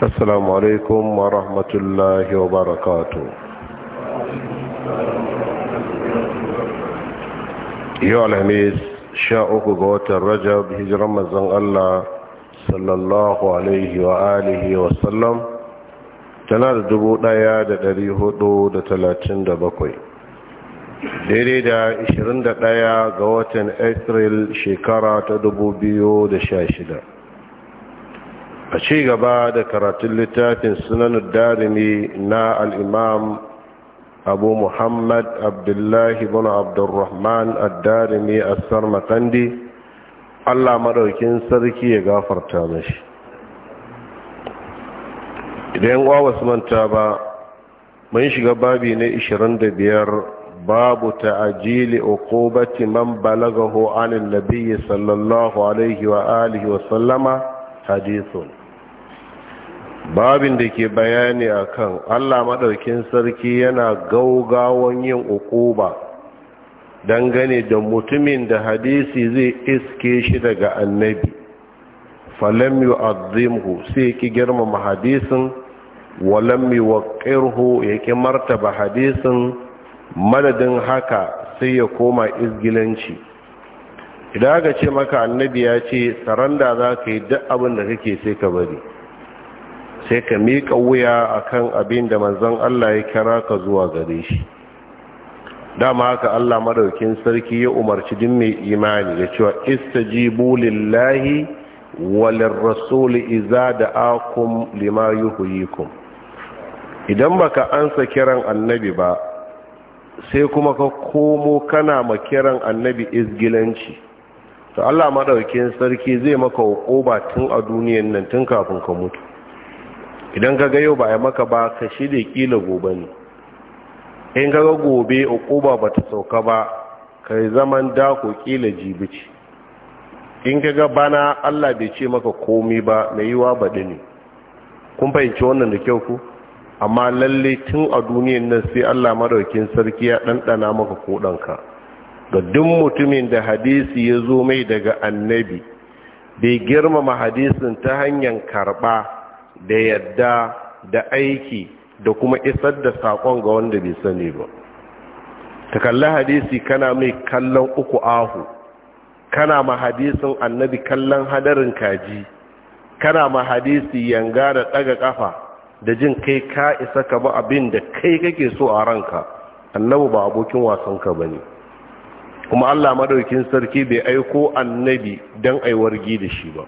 Asalamu alaikum wa rahmatullah wa barakato. Yu alhamis sha uku ga watan Rajab hijiran mazan Allah Sallallahu alaihi wa'ai wa'ihi wa sallam tana da dubu ɗaya da ɗari huɗu da talatin da bakwai, daidai da ishirin da ɗaya ga watan Ekirɛ shekara ta dubu biyu da sha shida. a ci gaba da karatun littafin sunanar darimi na al'imam abu muhammad abdullahi bin abdurrahman al-darimi a sarmakandi allah maɗaukin sarki ya gafarta mashi idan wa wasu manta ba mun shiga babi na 25 babu ta'ajili uqubati man balagahu anin nabi sallallahu alaihi wa alihi wa hadithun babin da ke bayani akan Allah maɗaukin sarki yana gaugawan yin ukuba dangane da mutumin da hadisi zai iske shi daga annabi falam yu'azzimhu sai ki girmama hadisin walam yuqirhu yake martaba hadisin madadin haka sai ya koma izgilanci idan aka ce maka annabi ya ce saranda za ka yi duk abin da kake sai ka bari sai ka miƙa wuya a kan abin da manzon Allah ya kira ka zuwa gare shi dama haka Allah maɗaukin sarki ya umarci din mai imani da cewa istajibu lillahi walir rasul idza da'akum lima yuhyikum idan baka ansa kiran annabi ba sai kuma ka komo kana ma kiran annabi izgilanci to Allah maɗaukin sarki zai maka ba tun a duniyan nan tun kafin ka mutu idan ka ga yau ba ya maka ba ka shirya kila gobe ne in ka ga gobe ukuba ba ta sauka ba ka zaman dako kila jibici in ka ga bana allah bai ce maka komi ba mai yiwa baɗi ne kun fahimci wannan da kyau ku amma lalle tun a duniyan nan sai allah maraukin sarki ya ɗanɗana maka koɗanka ga duk mutumin da hadisi ya zo mai daga annabi bai girmama hadisin ta hanyar karɓa da yadda da aiki da kuma isar da saƙon ga wanda bai sani ba ta kalli hadisi kana mai kallon uku ahu kana ma hadisin annabi kallon hadarin kaji kana ma hadisi yanga da ɗaga ƙafa da jin kai ka isa ka ba abin da kai kake so a ranka annabi ba abokin wasanka ba ne kuma allah madaukin sarki bai aiko annabi don aiwargi da shi ba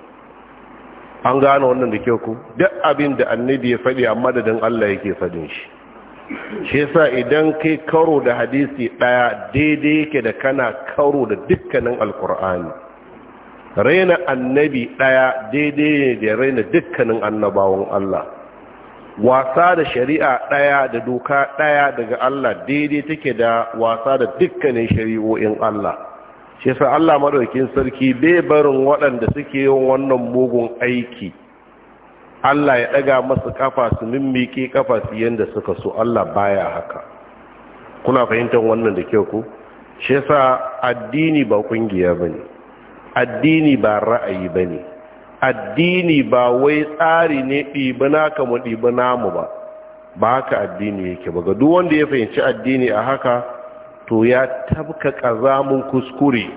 an gane wannan da kyau ku duk abin da annabi ya faɗi a madadin Allah yake faɗin shi shi yasa idan kai karo da hadisi ɗaya daidai yake da kana karo da dukkanin alkur'ani raina annabi ɗaya daidai ne da raina dukkanin annabawan Allah wasa da shari'a ɗaya da doka ɗaya daga Allah daidai take da wasa da dukkanin shari'o'in Allah shi sa Allah madaukin sarki bai barin waɗanda suke yin wannan mugun aiki Allah ya ɗaga masa kafa su mimmike kafa su yanda suka so Allah baya haka kuna fahimtar wannan da kyau ku shi sa addini ba kungiya bane addini ba ra'ayi bane addini ba wai tsari ne ɗibi ka mu ɗibi namu ba ba haka addini yake ba ga duk wanda ya fahimci addini a haka to ya tabka ƙazamin kuskure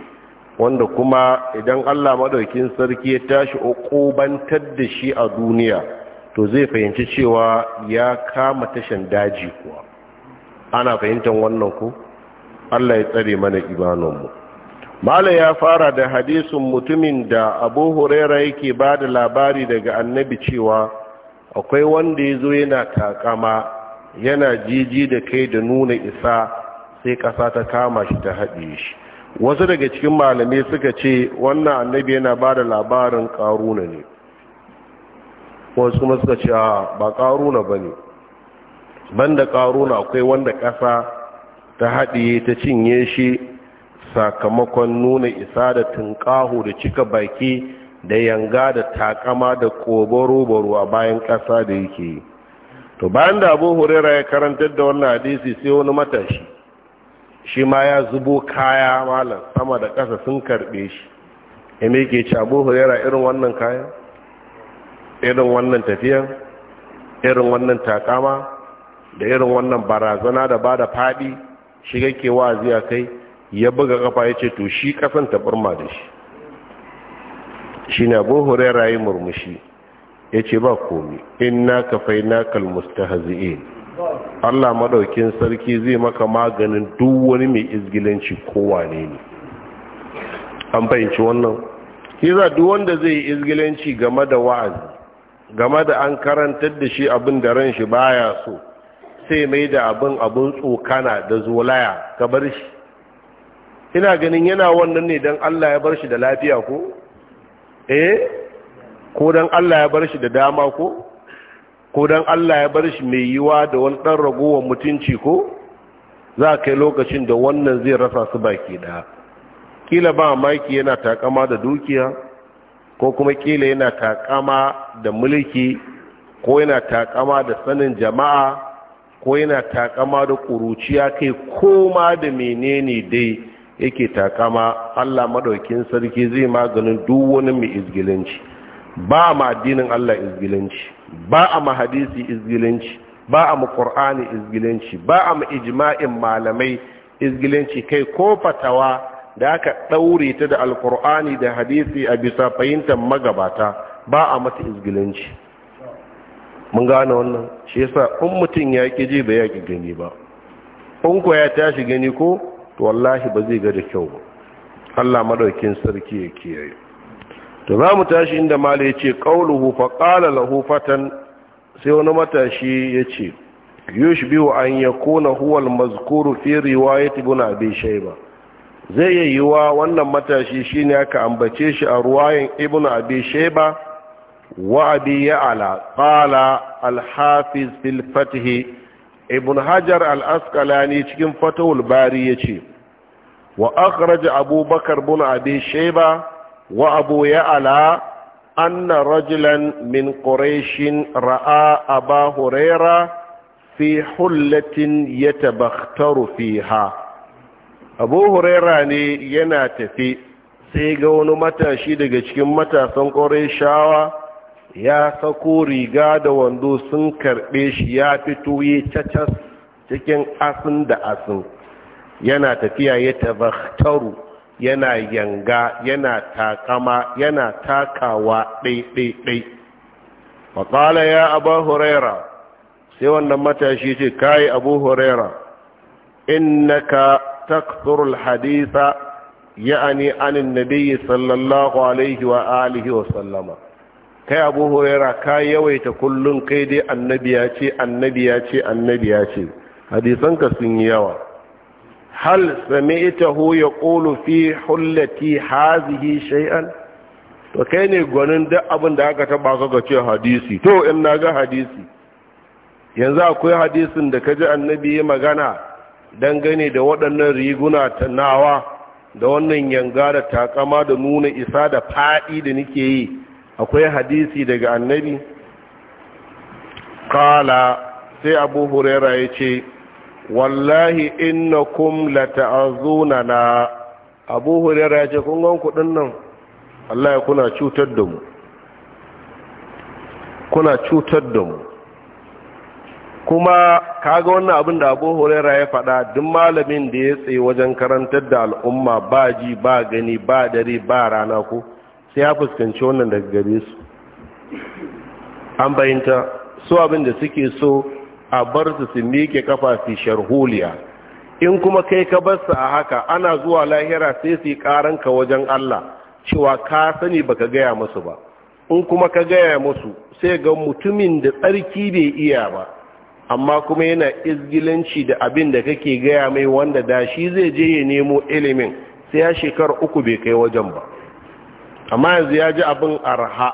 wanda kuma idan Allah madaukin sarki ya tashi uqubantar da shi a duniya to zai fahimci cewa ya kama tashan daji kuwa ana fahimtar wannan ku? Allah ya tsare mana imaninmu mala ya fara da hadisin mutumin da Abu Huraira yake da labari daga annabi cewa akwai wanda ya zo yana takama yana jiji da kai da nuna isa sai ƙasa ta kama shi ta haɗe shi wasu daga cikin malamai suka ce wannan annabi yana ba da labarin ƙaruna ne wasu kuma suka ce ba ƙaruna ba ne banda ƙaruna akwai wanda ƙasa ta haɗiye ta cinye shi sakamakon nuna isa da tunƙaho da cika baki da yanga da takama da ƙobaro bayan ƙasa da yake yi to bayan da abu hurera ya karantar da wannan hadisi sai wani matashi shi ma ya zubo kaya malam sama da ƙasa sun karɓe shi ya me ke cabo hulera irin wannan kayan irin wannan tafiyan irin wannan takama da irin wannan barazana da ba da faɗi shiga ke wa'azi a kai ya buga kafa ya ce to shi ƙasan taɓarma da shi shi na abu hulera yi murmushi ya ce ba komi in na kafai na kalmusta hazi'in Allah madaukin sarki zai maka maganin duk wani mai izgilanci kowane ne an fahimci wannan hiza duk wanda zai yi izgilanci game da wa'azi game da an karantar da shi abin da ran shi baya so sai mai da abin abin tsokana da zolaya ka bar shi ina ganin yana wannan ne don Allah ya bar shi da lafiya ko eh ko don Allah ya bar shi da dama ko ko don Allah ya bar shi mai yiwa da wani ɗan ragowar mutunci ko za a kai lokacin da wannan zai rasa su baki ɗaya ƙila ba maki yana takama da dukiya ko kuma ƙila yana takama da mulki ko yana takama da sanin jama'a ko yana takama da ƙuruciya kai koma da menene dai yake takama Allah maɗaukin sarki zai maganin duk wani mai izgilanci ba ma addinin Allah izgilanci ba a ma hadisi ba a ma qur'ani ba a ma ijma'in malamai izgilinci kai ko fatawa da aka daure ta da alqur'ani da hadisi a bisa fahimtar magabata ba a mata izgilinci mun gane wannan shi yasa in mutum ya ki ji ba ya ki gani ba in ko ya tashi gani ko to wallahi ba zai ga da kyau ba Allah madaukin sarki ya kiyaye to za mu tashi inda mala ya ce ƙauluhu fa ƙala lahu fatan sai wani matashi ya ce yush biyu an ya kona huwal mazkuru fi riwayat abin shai ba zai yi wa wannan matashi shi ne aka ambace shi a ruwayan ibn abi shayba wa abi ya ala al alhafiz fil fatihi ibn hajar al askalani cikin fatawul bari ya ce. wa akhraj abubakar Bin abi wa يعلى ya'ala رجلا من min راى ra'a aba huraira حله hullatin فيها fiha abu huraira ne yana tafi sai ga wani matashi daga cikin matasan quraishawa ya sako riga da wando sun karɓe shi ya fito yi cacas cikin asin da asin yana tafiya ya tabakhtaru yana yanga yana takama yana takawa ɗai-ɗai-ɗai ya abu huraira sai wannan matashi ce kayi abu huraira innaka takthurul haditha ya'ani anin nabiyyi sallallahu alaihi wa alihi wa sallama kai abu huraira ka yawaita kullun kai dai annabi ya ce annabi ya ce annabi ya ce ka sun yi yawa hal sami'tahu yaqulu fi hullati hazihi shay'an to kai ne gwanin duk abin da aka taba ka ce hadisi to in na ga hadisi yanzu akwai hadisin da ka ji annabi ya magana dangane da waɗannan riguna ta nawa da wannan yanga da takama da nuna isa da faɗi da nake yi akwai hadisi daga annabi kala sai abu huraira ya ce wallahi innakum lata'azunana abu hurera ya ce kun kudin nan Allah kuna cutar da mu kuna cutar da mu kuma kaga wannan abin da abu hurera ya faɗa duk malamin da ya tsaye wajen karantar da al'umma ba ji ba gani ba dare ba rana ko sai ya fuskanci wannan daga gare su an bayanta su abin da suke so a bar su su miƙe kafa su sharholiya in kuma kai ka bar su a haka ana zuwa lahira sai su yi karanka wajen Allah cewa ka sani baka gaya musu ba in kuma ka gaya musu sai ga mutumin da tsarki bai iya ba amma kuma yana izgilanci da abin da kake gaya mai wanda da shi zai je ya nemo ilimin sai ya shekar uku bai kai wajen ba amma yanzu ya ji abin arha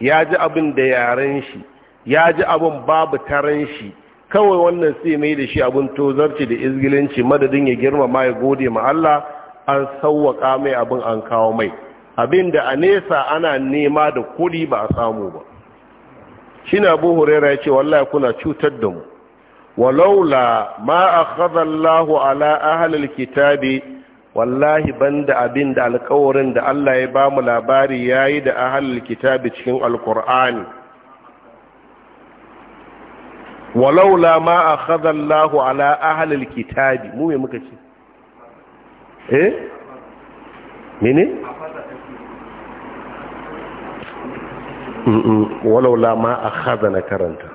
ya ji abin da yaren shi ya ji abin babu taran shi kawai wannan sai mai da shi abin tozarci da izgilinci madadin ya girmama ya gode ma Allah an sauwaka mai abin an kawo mai abin da a nesa ana nema da kuɗi ba a samu ba shi na abu hurera ya ce wallahi kuna cutar da mu walaula ma a Allahu ala ahalil kitabi wallahi banda abin da alkawarin da Allah ya ba mu labari yayi da ahalil kitabi cikin Alkur'ani. Walau la ma a Allah ala ahli kitabi mu mai muka ce eh mene la ma akhadha na karanta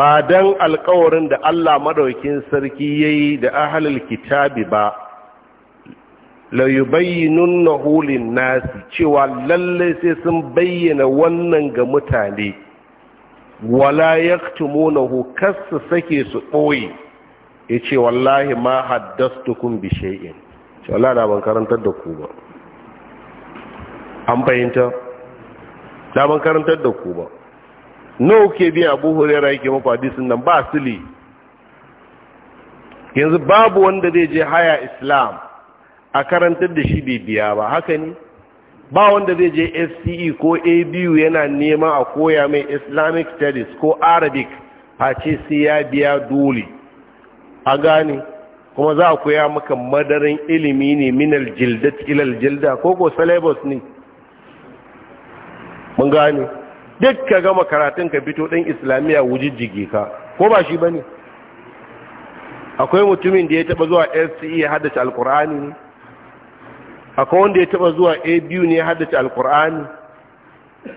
ba dan alƙawarin da Allah madaukin sarki ya yi da halin kitabi ba la nuna hulin nasi cewa lalle sai sun bayyana wannan ga mutane wala ya yaktumunahu kasu sake su ɓoye ya ce wallahi ma haddastukum bi shay'in ce wallahi da ban karantar da ku ba an fahimta da ban karantar da ku ba nawa ke biya abu hurera yake maku nan ba asili yanzu babu wanda zai je haya islam a karantar da shi bai biya ba haka ne ba wanda zai je SCE ko ABU yana nema a koya mai Islamic Studies ko Arabic face sai ya biya dole a gane kuma za a koya maka madarin ilimi ne minal jildat ilal jilda ko ko syllabus ne mun gane duk ka gama karatun ka fito ɗan islamiyya wujijjige ka ko ba shi bane akwai mutumin da ya taba zuwa SCE haddace alkur'ani ne akwai wanda ya taba zuwa a biyu ne ya haddace alkur'ani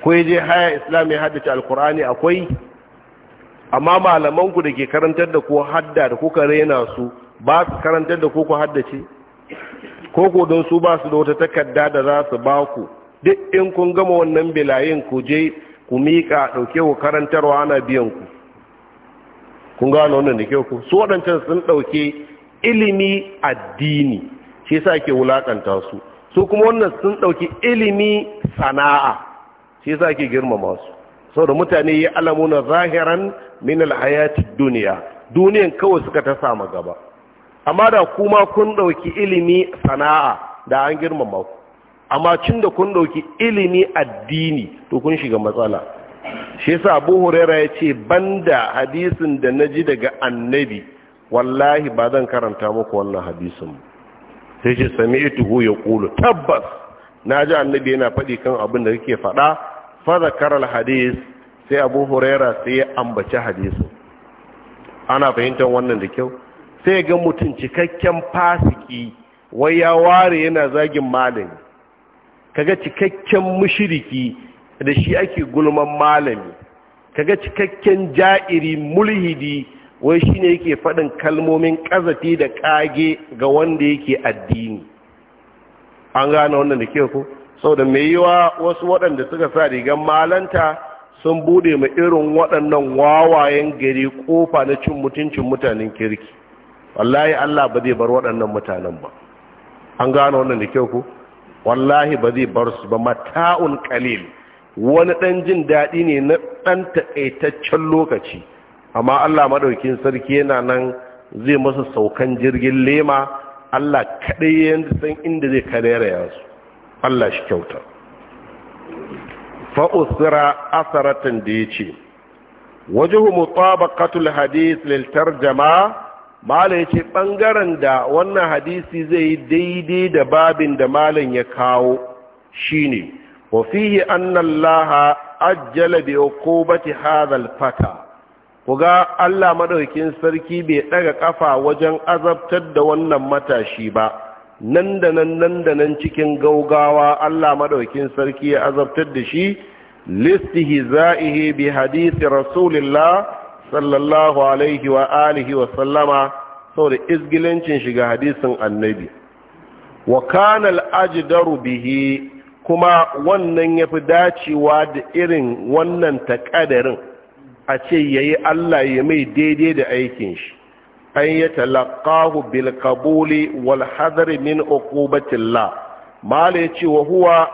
ko ya je haya islam ya haddace alkur'ani akwai amma malamanku da ke karantar da ko hadda da kuka rena su ba su karantar da ko ku haddace ko don su ba su da wata takarda da za su ba ku duk in kun gama wannan bilayen ku je ku miƙa ɗauke ku karantarwa ana biyan ku kun gano wannan da kyau ku su waɗancan sun ɗauke ilimi addini shi yasa ake wulakanta su su kuma wannan sun dauki ilimi sana'a shi yasa ake girmama su saboda mutane ya alamuna zahiran min alhayati dunya duniyan kawai suka ta samu gaba amma da kuma kun dauki ilimi sana'a da an girmama ku amma cin da kun dauki ilimi addini to kun shiga matsala shi yasa Abu Hurairah yace banda hadisin da naji daga annabi wallahi ba zan karanta muku wannan hadisin ba sai ce ya kulu tabbas Na ji annabi yana faɗi kan abin da kake faɗa fa zakara al sai Abu Huraira sai ya ambaci hadisu. ana fahimtar wannan da kyau sai ga mutum cikakken fasiki wai ya ware yana zagin malami kaga cikakken mushiriki da shi ake gulman malami kaga cikakken ja'iri mulhidi wai shine yake faɗin kalmomin ƙazafi da ƙage ga wanda yake addini an gane wannan da ke ku Sau da mai yiwa wasu waɗanda suka sa rigar malanta sun bude ma irin waɗannan wawayen gari kofa na cin mutuncin mutanen kirki wallahi Allah ba zai bar waɗannan mutanen ba an gane wannan da kyau ku wallahi ba zai bar su ba mata'un ƙalil wani ɗan jin daɗi ne na ɗan taƙaitaccen lokaci amma Allah madaukin sarki yana nan zai masa saukan jirgin lema Allah kadai ya san inda zai karera yasu Allah shi kyauta fa usra asaratan da yace wajhu mutabaqatul hadith lil tarjama mala yace bangaren da wannan hadisi zai yi daidai da babin da malan ya kawo shine wa fihi anna laha ajjala bi uqubati fata ku ga Allah Maɗaukin sarki bai daga kafa wajen azabtar da wannan matashi ba nan da nan nan da nan cikin gaugawa Allah Maɗaukin sarki ya azabtar da shi za'ihi bi hadisi rasulillah sallallahu alaihi wa alihi wa sallama saboda izgilancin shiga hadisin annabi wa kana al-ajdaru bihi kuma wannan yafi dacewa da irin wannan takadarin a ce ya yi Allah ya mai daidai da aikin shi an yi talakahu bil qabuli wal hadar min la ya ce wa huwa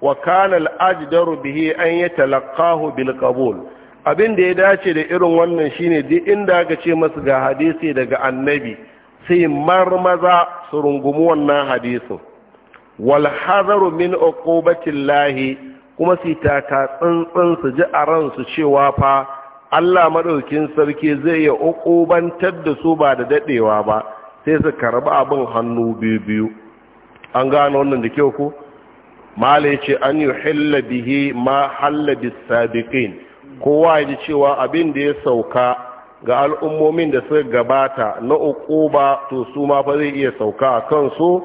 wa kanal ajidaru an ya talakahu bil abin da ya dace da irin wannan shine duk inda aka ce masu ga hadisi daga annabi sai marmaza su rungumi wannan hadisin Walhazaru hadaru min uqubatil lahi kuma su taka tsantsan ji a ransu cewa fa Allah maɗaukin sarki zai ya uƙubantar da su ba da daɗewa ba sai su karɓi abin hannu biyu-biyu an gano wannan da kyau ku mala ce an yi halla bihi ma halla bisabiqin kowa ya ji cewa abin da ya sauka ga al'ummomin da suka gabata na uquba to su ma fa zai iya sauka a kansu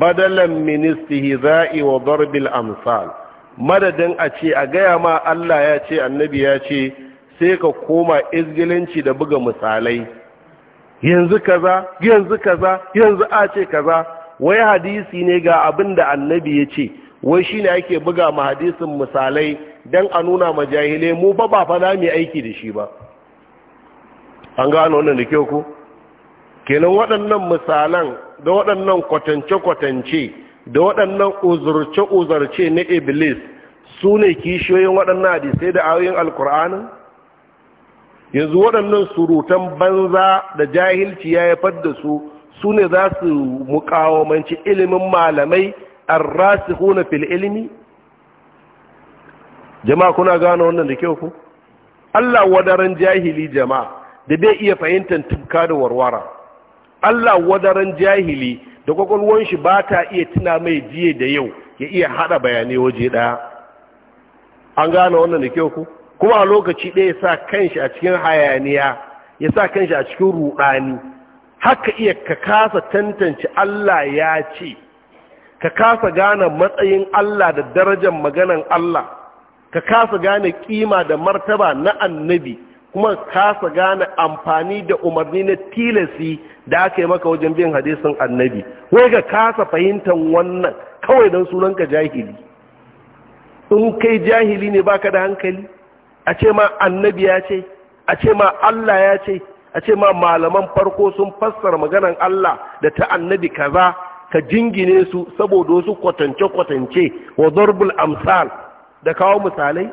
badalan Ministihi za'i wa darbil amsal madadin a ce a gaya ma Allah ya ce annabi ya ce sai ka koma izgilanci da buga misalai yanzu kaza yanzu kaza yanzu a ce kaza wai hadisi ne ga abin da annabi ya ce wai shi ne ake buga ma hadisin misalai don a nuna ma jahilai mu ba ba fada mai aiki da shi ba an gano wannan da kyau ku kenan waɗannan misalan da waɗannan kwatance-kwatance da waɗannan uzurce-uzurce na iblis su ne kishiyoyin waɗannan hadisai da ayoyin alkur'anin yanzu waɗannan surutan banza da jahilci ya haifar da su su ne za su mukawamanci ilimin malamai huna fil ilimi jama'a kuna gano wannan da kyau ku Allah wadaran jahili jama'a da bai iya fahimtar tuka da warwara Allah wadaran jahili da kwakwalwar shi ba ta iya tuna mai jiye da yau ya iya haɗa bayanai waje ɗaya. an gano wannan da kyau ku kuma a lokaci ɗaya ya sa kanshi a cikin hayaniya ya sa kanshi a cikin ruɗani haka iya ka kasa tantance Allah ya ce ka kasa gane matsayin Allah da darajar maganan Allah ka kasa gane kima da martaba na annabi kuma kasa gane amfani da umarni na tilasi da aka yi maka wajen bin hadisin annabi wai ka kasa fahimtar wannan kawai don sunanka jahili in kai jahili ne baka da hankali a ce ma annabi ya ce a ce ma Allah ya ce a ce ma malaman farko sun fassara maganan Allah da ta annabi kaza ka jingine su saboda wasu kwatance-kwatance wa zarbul amsal da kawo misalai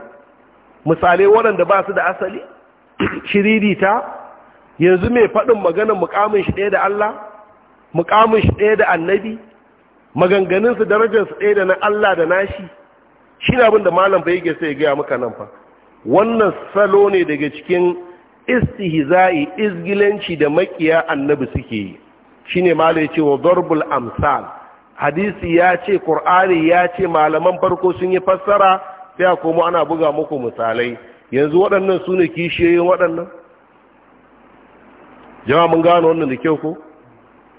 misalai waɗanda ba su da asali shiririta yanzu mai faɗin maganan mukamin shi ɗaya da Allah mukamin shi ɗaya da annabi maganganunsu darajarsu ɗaya da na Allah da nashi shi na abin da malam bai yake ya gaya maka nan fa wannan salo ne daga cikin istihza'i izgilanci da makiya annabi suke yi shine ya ce wa darbul amsal hadisi ya ce qur'ani ya ce malaman farko sun yi fassara sai a komo ana buga muku misalai yanzu waɗannan su ne kishiyoyin waɗannan jama'a mun gano wannan da kyau ko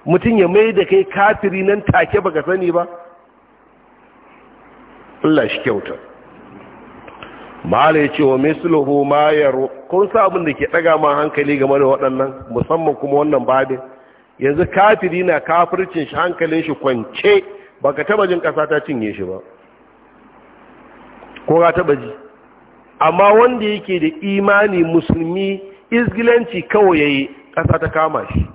mutum ya mai da kai kafiri nan take baka sani ba Allah shi kyauta mala ya ce wa misluhu ma yaro kun sa abin da ke ɗaga ma hankali game da waɗannan musamman kuma wannan babin yanzu kafiri na kafircin shi hankalin shi kwance baka taba jin ƙasa ta cinye shi ba ko ka taba ji amma wanda yake da imani musulmi izgilanci kawai yayi ƙasa ta kama shi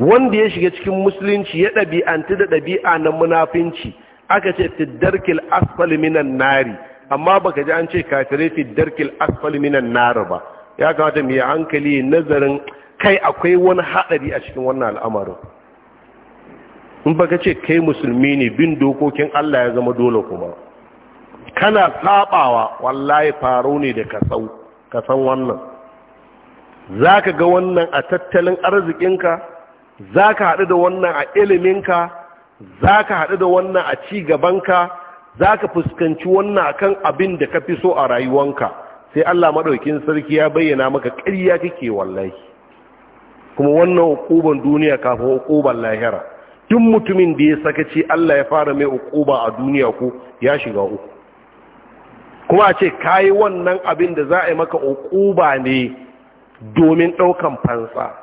wanda ya shiga cikin musulunci ya ɗabi'antu da ɗabi'a na munafinci aka ce fiddarkil asfali minan nari amma baka ji an ce kafirai fiddarkil asfali minan nari ba ya kamata mu yi hankali nazarin kai akwai wani haɗari a cikin wannan al'amarin in baka ce kai musulmi ne bin dokokin Allah ya zama dole kuma kana sabawa wallahi faro ne da kasau kasan wannan zaka ga wannan a tattalin arzikinka zaka haɗu da wannan a iliminka za ka haɗu da wannan a ci gabanka za ka fuskanci wannan kan abin da ka fi so a rayuwanka sai Allah maɗaukin sarki ya bayyana maka ƙarya kake wallahi kuma wannan hukuban duniya kafin hukuban lahira Tun mutumin da ya saka ce Allah ya fara mai hukuba a duniya ko ya shiga uku kuma a ce yi wannan abin da za a yi maka hukuba ne domin ɗaukan fansa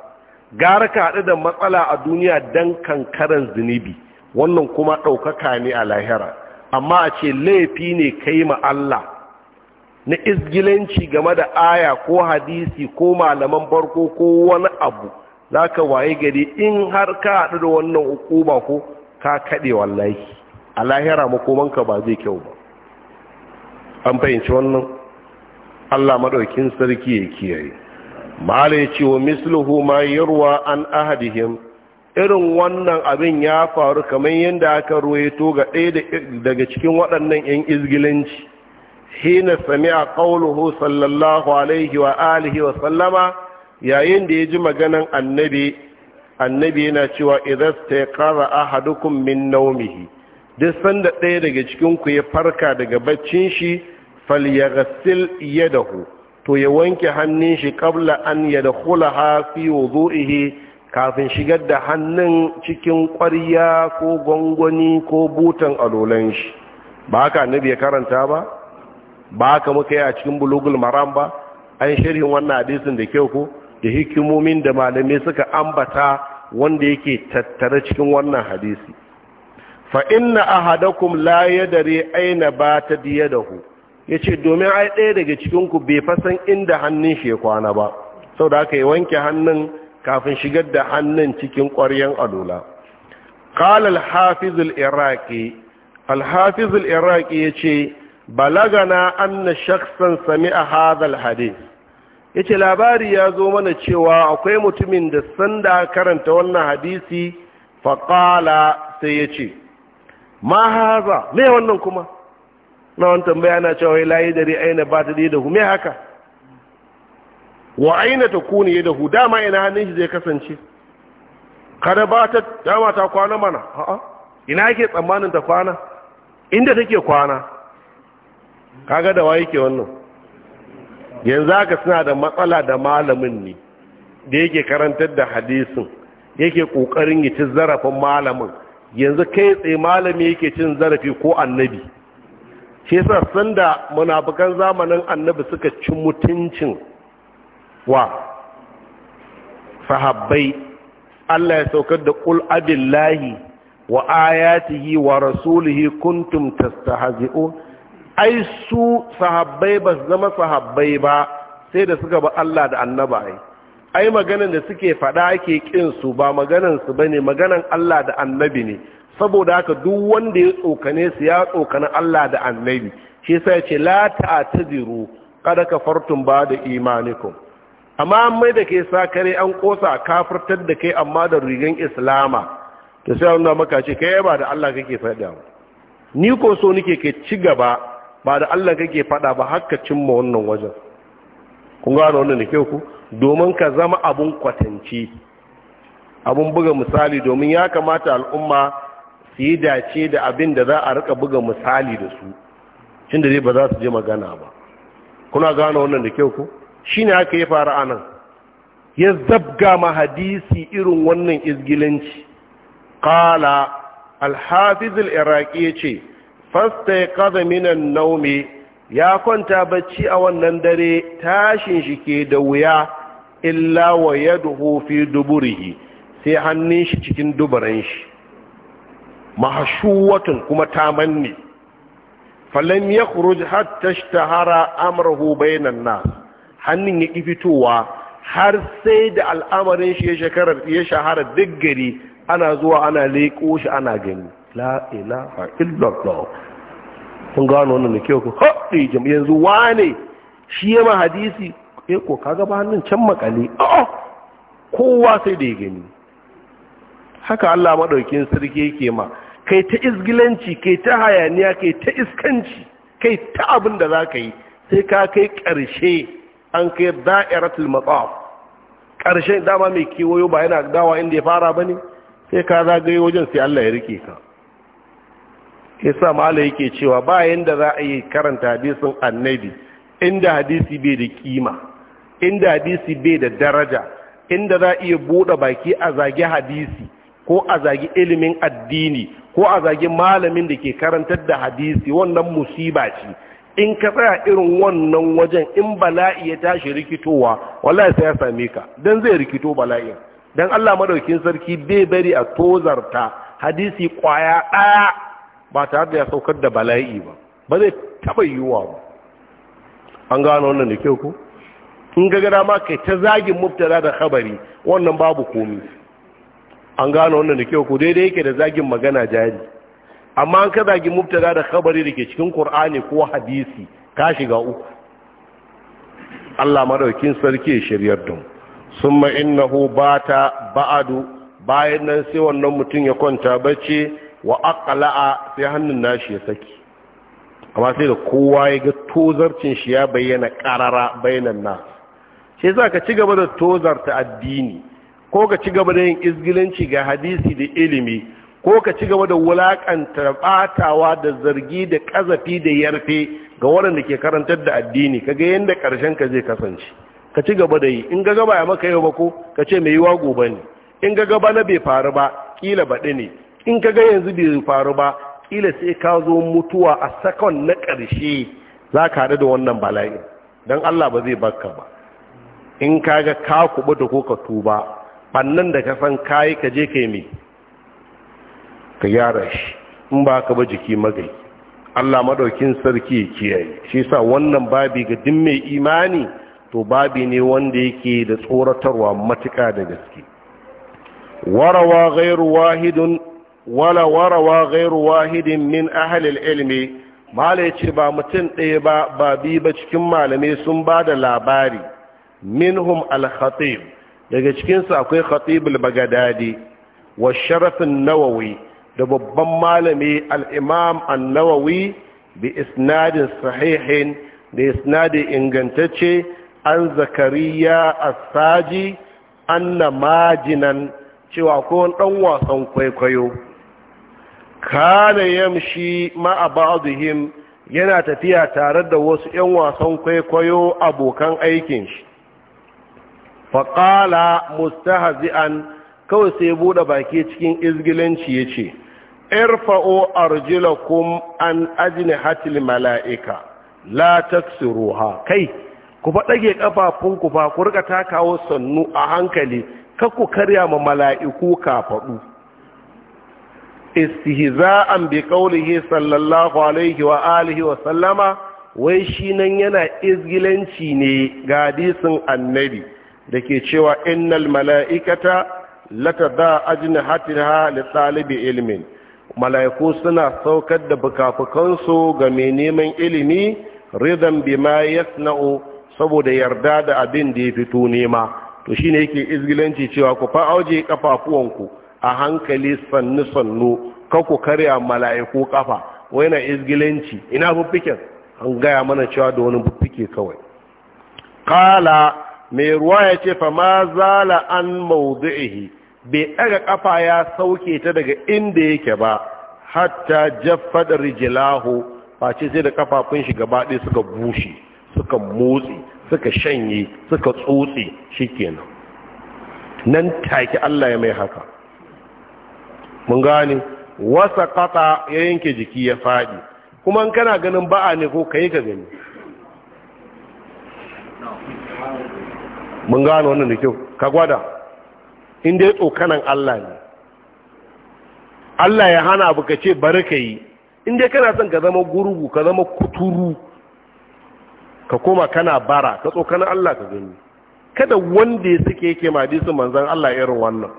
gara ka haɗu da matsala a duniya don kankaran zunubi wannan kuma ɗaukaka ne a lahira amma a ce laifi ne kai ma Allah na izgilanci game da aya ko hadisi ko malaman farko ko wani abu za ka waye gari in har ka haɗu da wannan hukuma ko ka kaɗe wallahi a lahira makomanka ba zai kyau ba an fahimci wannan Allah maɗaukin sarki ya kiyaye ma'ala ya ce wa misluhu ma yarwa an ahadihim irin wannan abin ya faru kamar yadda aka ruwaito ga ɗaya daga cikin waɗannan 'yan izgilanci hina sami'a ƙauluhu sallallahu alaihi wa alihi wa sallama yayin da ya ji maganan annabi annabi yana cewa ta ƙara a ahadukum min naumihi duk sanda ɗaya daga cikin ku ya farka daga baccin shi falyaghsil yadahu to ya wanke hannun shi kabla an yadkhulaha fi wudu'ihi kafin shigar da hannun cikin ƙwarya ko gwangwani ko butan alolan shi ba haka annabi ya karanta ba ba haka muka yi a cikin bulugul maram ba an sharhin wannan hadisin da kyau ko da hikimomin da malamai suka ambata wanda yake tattare cikin wannan hadisi fa inna ahadakum la yadri aina bata diyadahu yace domin ai ɗaya daga cikin ku bai fasan inda hannun shi ya kwana ba saboda haka ya wanke hannun kafin shigar da hannun cikin ƙwaryen alola ƙalal hafizul iraki alhafizul iraki ya ce balagana anna shaksan sami a hadal hadis ya ce labari ya zo mana cewa akwai mutumin da sanda karanta wannan hadisi faƙala sai ya ce ma haza me wannan kuma na wani tambaya cewa cewa layi dare aina ba ta da hume haka wa aina ya dahu? dama ina hannun shi zai kasance kada ba ta dama ta kwana mana a'a ina yake tsammanin ta kwana inda take kwana kaga da waye ke wannan yanzu haka suna da matsala da malamin ne da yake karantar da hadisin yake kokarin ya ci zarafin malamin yanzu kai tsaye malami yake cin zarafi ko annabi shi yasa sanda munafikan zamanin annabi suka ci mutuncin wa sahabbai Allah ya saukar da ƙul abillahi wa ayatihi wa rasulihi kuntum tastahzi'u ai su sahabbai ba su zama sahabbai ba sai da suka ba Allah da annaba ai ai maganan da suke faɗa ake kin su ba maganan su bane maganan Allah da annabi ne saboda haka duk wanda ya tsokane su ya tsokane Allah da annabi shi yasa ya ce la ta'tadiru qad kafartum ba da imanikum amma an mai da ke sa kare an kosa kafirtar da kai amma da rigan islama ta sai wanda maka ce kai ba da Allah kake faɗa ni ko so nake ke ci gaba ba da Allah kake faɗa ba har ka cimma wannan wajen kun gano wannan da kyau ku domin ka zama abun kwatanci abun buga misali domin ya kamata al'umma su yi dace da abin da za a rika buga misali da su cin da dai ba za su je magana ba kuna gane wannan da kyau ku shine aka yi fara anan ya zabga ma hadisi irin wannan izgilanci Ƙala al-hafiz ya ce yace ya ƙaza minan naume, ya kwanta bacci a wannan dare tashin shi ke da wuya illa wa duhu fi duburihi sai hannun shi cikin dubaran shi mahashuwatun kuma ta tamanni falam yakhruj hatta ishtahara amruhu bayanan nasu hannun ya ƙi fitowa har sai da al'amarin shi ya shahara duk gari ana zuwa ana leƙo shi ana gani la ilaha illallah kun gano wannan da kyau ku haɗe jam yanzu wane shi ya ma hadisi ya eh, ko kaga gaba hannun can makale a'a kowa sai da ya gani haka Allah maɗaukin sarki yake ma kai ta izgilanci kai ta hayaniya kai ta iskanci kai ta abin da za ka yi sai ka kai ƙarshe an kai da'iratul matsaf da dama mai kewayo ba yana dawa inda ya fara bane ne sai ka zagaye wajen sai Allah ya rike ka yasa sa yake cewa bayan da za a yi karanta hadisin annabi inda hadisi bai da kima inda hadisi bai da daraja inda za a iya bude baki a zage hadisi ko a zagi ilimin addini ko a zagi malamin da ke karantar da hadisi wannan musiba ce in ka tsaya irin wannan wajen in bala'i ya tashi rikitowa wallahi sai ya same ka dan zai rikito bala'in dan Allah madaukin sarki bai bari a tozarta hadisi kwaya daya ba tare da ya saukar da bala'i ba ba zai taba yiwuwa ba an gano wannan da kyau ko in ga gada ma kai ta zagin mubtada da khabari wannan babu komi an gano wannan da kyau ko daidai yake da zagin magana jari amma an ka zagi mubtada da khabari da ke cikin Kur'ani ko hadisi ka shiga uku Allah maraukin sarki shiryar dum summa ba bata ba'adu bayan nan sai wannan mutum ya kwanta bacci wa akala'a sai hannun nashi ya saki amma sai da kowa ya ga tozarcin shi ya bayyana karara bayanan nas sai ka ci gaba da tozarta addini ko ka ci gaba da yin izgilanci ga hadisi da ilimi ko ka ci gaba da wulakanta batawa da zargi da ƙazafi da yarfe ga waɗanda ke karantar da addini ka ga yadda ƙarshen ka zai kasance ka ci gaba da yi in ga gaba ya maka yau ba ko ka ce mai yiwa gobe ne in ga gaba na bai faru ba kila baɗi ne in ka ga yanzu bai faru ba kila sai ka zo mutuwa a sakon na ƙarshe za ka haɗu da wannan bala'i don Allah ba zai baka ba in ka ga ka kuɓuta ko ka tuba ɓannan da ka san kayi ka je ka yi mai ka gyara shi in ba ka ba jiki magai Allah madaukin sarki kiyaye shi yasa wannan babi ga din mai imani to babi ne wanda yake da tsoratarwa matuƙa da gaske warawa ghairu wahidun wala warawa ghairu wahidin min ahli al-ilmi mala ba mutum ɗaya ba babi ba cikin malamai sun ba da labari minhum al-khatib daga cikin su akwai khatib al-bagdadi wa sharaf an-nawawi da babban malami al'imam annawawi bi isnadin sahihin da isnadin ingantacce an zakariya asaji anna majinan cewa ko ɗan wasan kwaikwayo kana yamshi ma'a yana tafiya tare da wasu 'yan wasan kwaikwayo abokan aikin shi faƙala mustahazi'an kawai sai bude baki cikin izgilanci ya ce irfa'o arjulakum an ajini hatil mala'ika la taksiruha kai ku fa ɗage ƙafafunku fa ku rika takawo sannu a hankali kakku karya ma mala'iku kafaɗu istihza'an bi qawlihi sallallahu alaihi wa alihi wa sallama wai shi nan yana izgilanci ne ga hadisin annabi ke cewa innal mala'ikata latada hatiha li talibi ilimin, malaiku suna saukar da bukafukansu ga mai neman ilimi ridan bima yasna'u saboda yarda da abin da ya fito nema to shine yake izgilanci cewa ku fa auje kafafuwanku a hankali sannu sannu ka karya mala'iku kafa wai na izgilanci ina fuffiken an gaya mana cewa da wani fuffike kawai kala mai ruwa ya ce fa ma zala an maudu'ihi bai ɗaga ƙafa ya sauke ta daga inda yake ba hatta jaffada rijilahu face sai da kafafun shi gaba ɗaya suka bushe suka motsi suka shanye suka shi kenan nan take Allah ya mai haka mun gane wasa kata ya yanke jiki ya faɗi kuma kana ganin ba'a ne ko kai ka gani mun gane wannan da kyau ka gwada inda ya tsokanan Allah ne Allah ya hana abu ka ce bari ka yi inda kana son ka zama gurgu ka zama kuturu ka koma kana bara ka tsokanan Allah ka gani kada wanda ya suke yake madisu manzan Allah irin wannan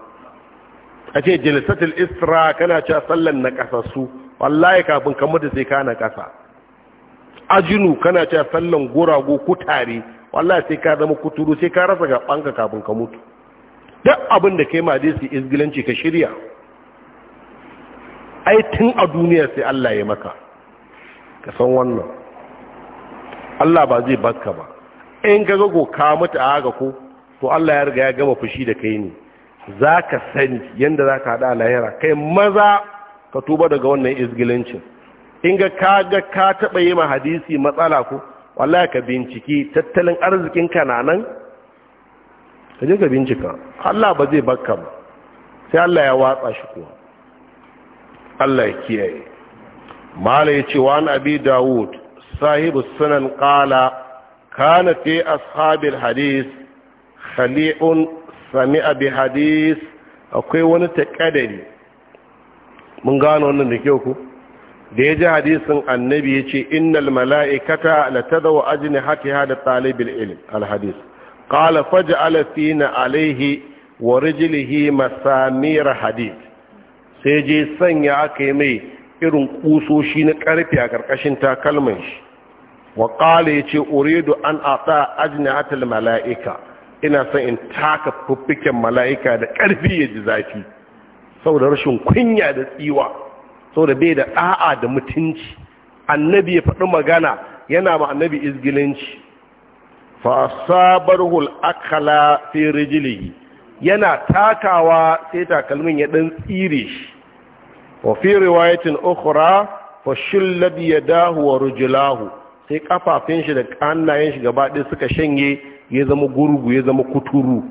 a ce jilisatul isra kana cewa sallan na kasassu wallahi kafin ka mutu sai ka na kasa ajinu kana cewa sallan gurago kutare wallahi sai ka zama kuturu sai ka rasa gaban ka kafin ka mutu duk abin da kai ma su izgilanci ka shirya ai tun a duniya sai Allah ya maka ka san wannan Allah ba zai baka ba in ka zago ka mutu a haka ko to Allah ya riga ya gama fushi da kai ne za ka sani yadda za ka haɗa lahira kai maza ka tuba daga wannan izgilancin in ga ka ga ka taɓa yi ma hadisi matsala ko wallahi ka binciki tattalin arzikin na nan ka je ka bincika Allah ba zai bakka ba sai Allah ya watsa shi kuwa Allah ya kiyaye mala ya ce wa an abi dawud sahibu sunan kala kana fi ashabin hadis khali'un sami abi hadis akwai wani takadari mun gano wannan da kyau ku da ya ji hadisin annabi ya ce innal mala'ikata la tadawu hatiha da talibil ilm al hadis qala faj'ala fina alaihi wa rijlihi masamir hadid sai je sanya aka yi mai irin kusoshi na ƙarfi a ƙarƙashin takalman shi wa ya yace uridu an ata ajnihatal malaika ina son in taka fuffiken mala'ika da ƙarfi ya ji zafi da rashin kunya da tsiwa da bai da da'a da mutunci annabi ya faɗi magana yana ma annabi izgilanci fa sabarhu al-akala fi rijlihi yana takawa sai takalmin ya dan tsire shi wa fi riwayatin ukhra fa shullat yadahu wa rijlahu sai kafafin shi da hannayen shi gaba ɗaya suka shanye ya zama gurgu ya zama kuturu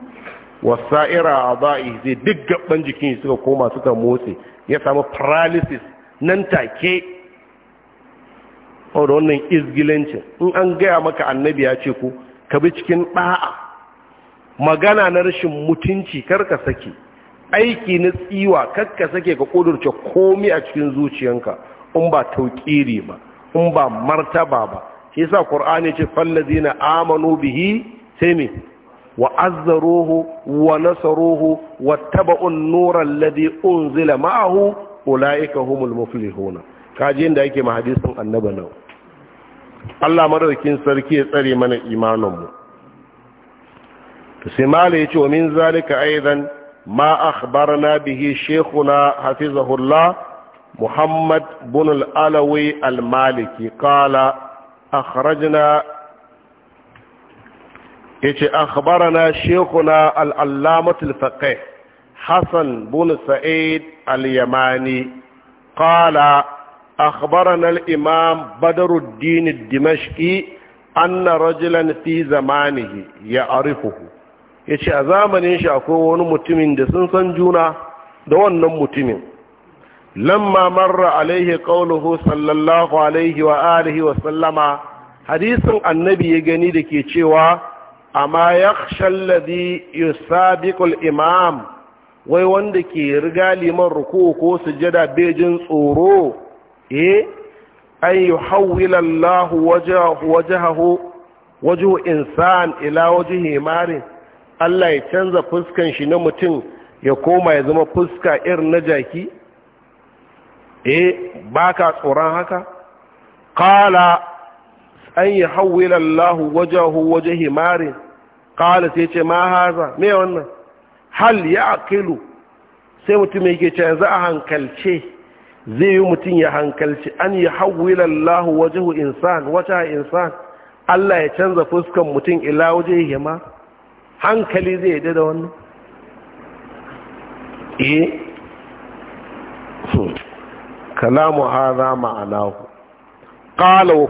wasa'ira adai zai duk gaban jikin suka koma suka motsi ya samu paralysis nan take da wannan izgilancin in an gaya maka annabi ya ce ku ka bi cikin ɗa'a magana na rashin mutunci karka sake aiki na tsiwa karka sake ka ƙudurce komi a cikin zuciyanka in ba tauƙiri ba in ba martaba ba shi yasa qur'ani ce fallazina amanu bihi sai me wa azzaruhu wa nasaruhu wa an nuran alladhi unzila ma'ahu ulaika humul muflihuna kaje inda yake ma hadisin annabi nawa Allah madaukin sarki ya tsare mana imaninmu sai mala ya ce wa min zalika aidan ma akhbarna bihi shaykhuna hafizahullah muhammad bin al al-maliki qala akhrajna yace akhbarana shaykhuna al-allamah al hassan hasan bin sa'id al-yamani kala أخبرنا الإمام بدر الدين الدمشقي أن رجلا ya زمانه يعرفه yace a zamanin shi akwai wani mutumin da sun san juna da wannan mutumin lamma marra alaihi qauluhu sallallahu alaihi wa alihi wa sallama hadisin annabi ya gani da ke cewa amma yakhsha alladhi yusabiqu al-imam wai wanda ke riga liman ruku ko sujada bejin tsoro eh an yuhawwila Allah wajahu wajahu wajhu insan ila wajhi mari Allah ya canza fuskan shi na mutum ya koma ya zama fuska irin na jaki eh baka tsoron haka qala an yuhawwila Allah wajahu wajhi marin qala sai ce ma haza me wannan hal ya aqilu sai mutum yake cewa yanzu a hankalce zai yi mutum ya hankalci an yi hawwila Allah wajahu insan wata insan Allah ya canza fuskan mutum ila waje ma hankali zai yi da wannan eh hmm. kalamu hadha ma'anahu qala wa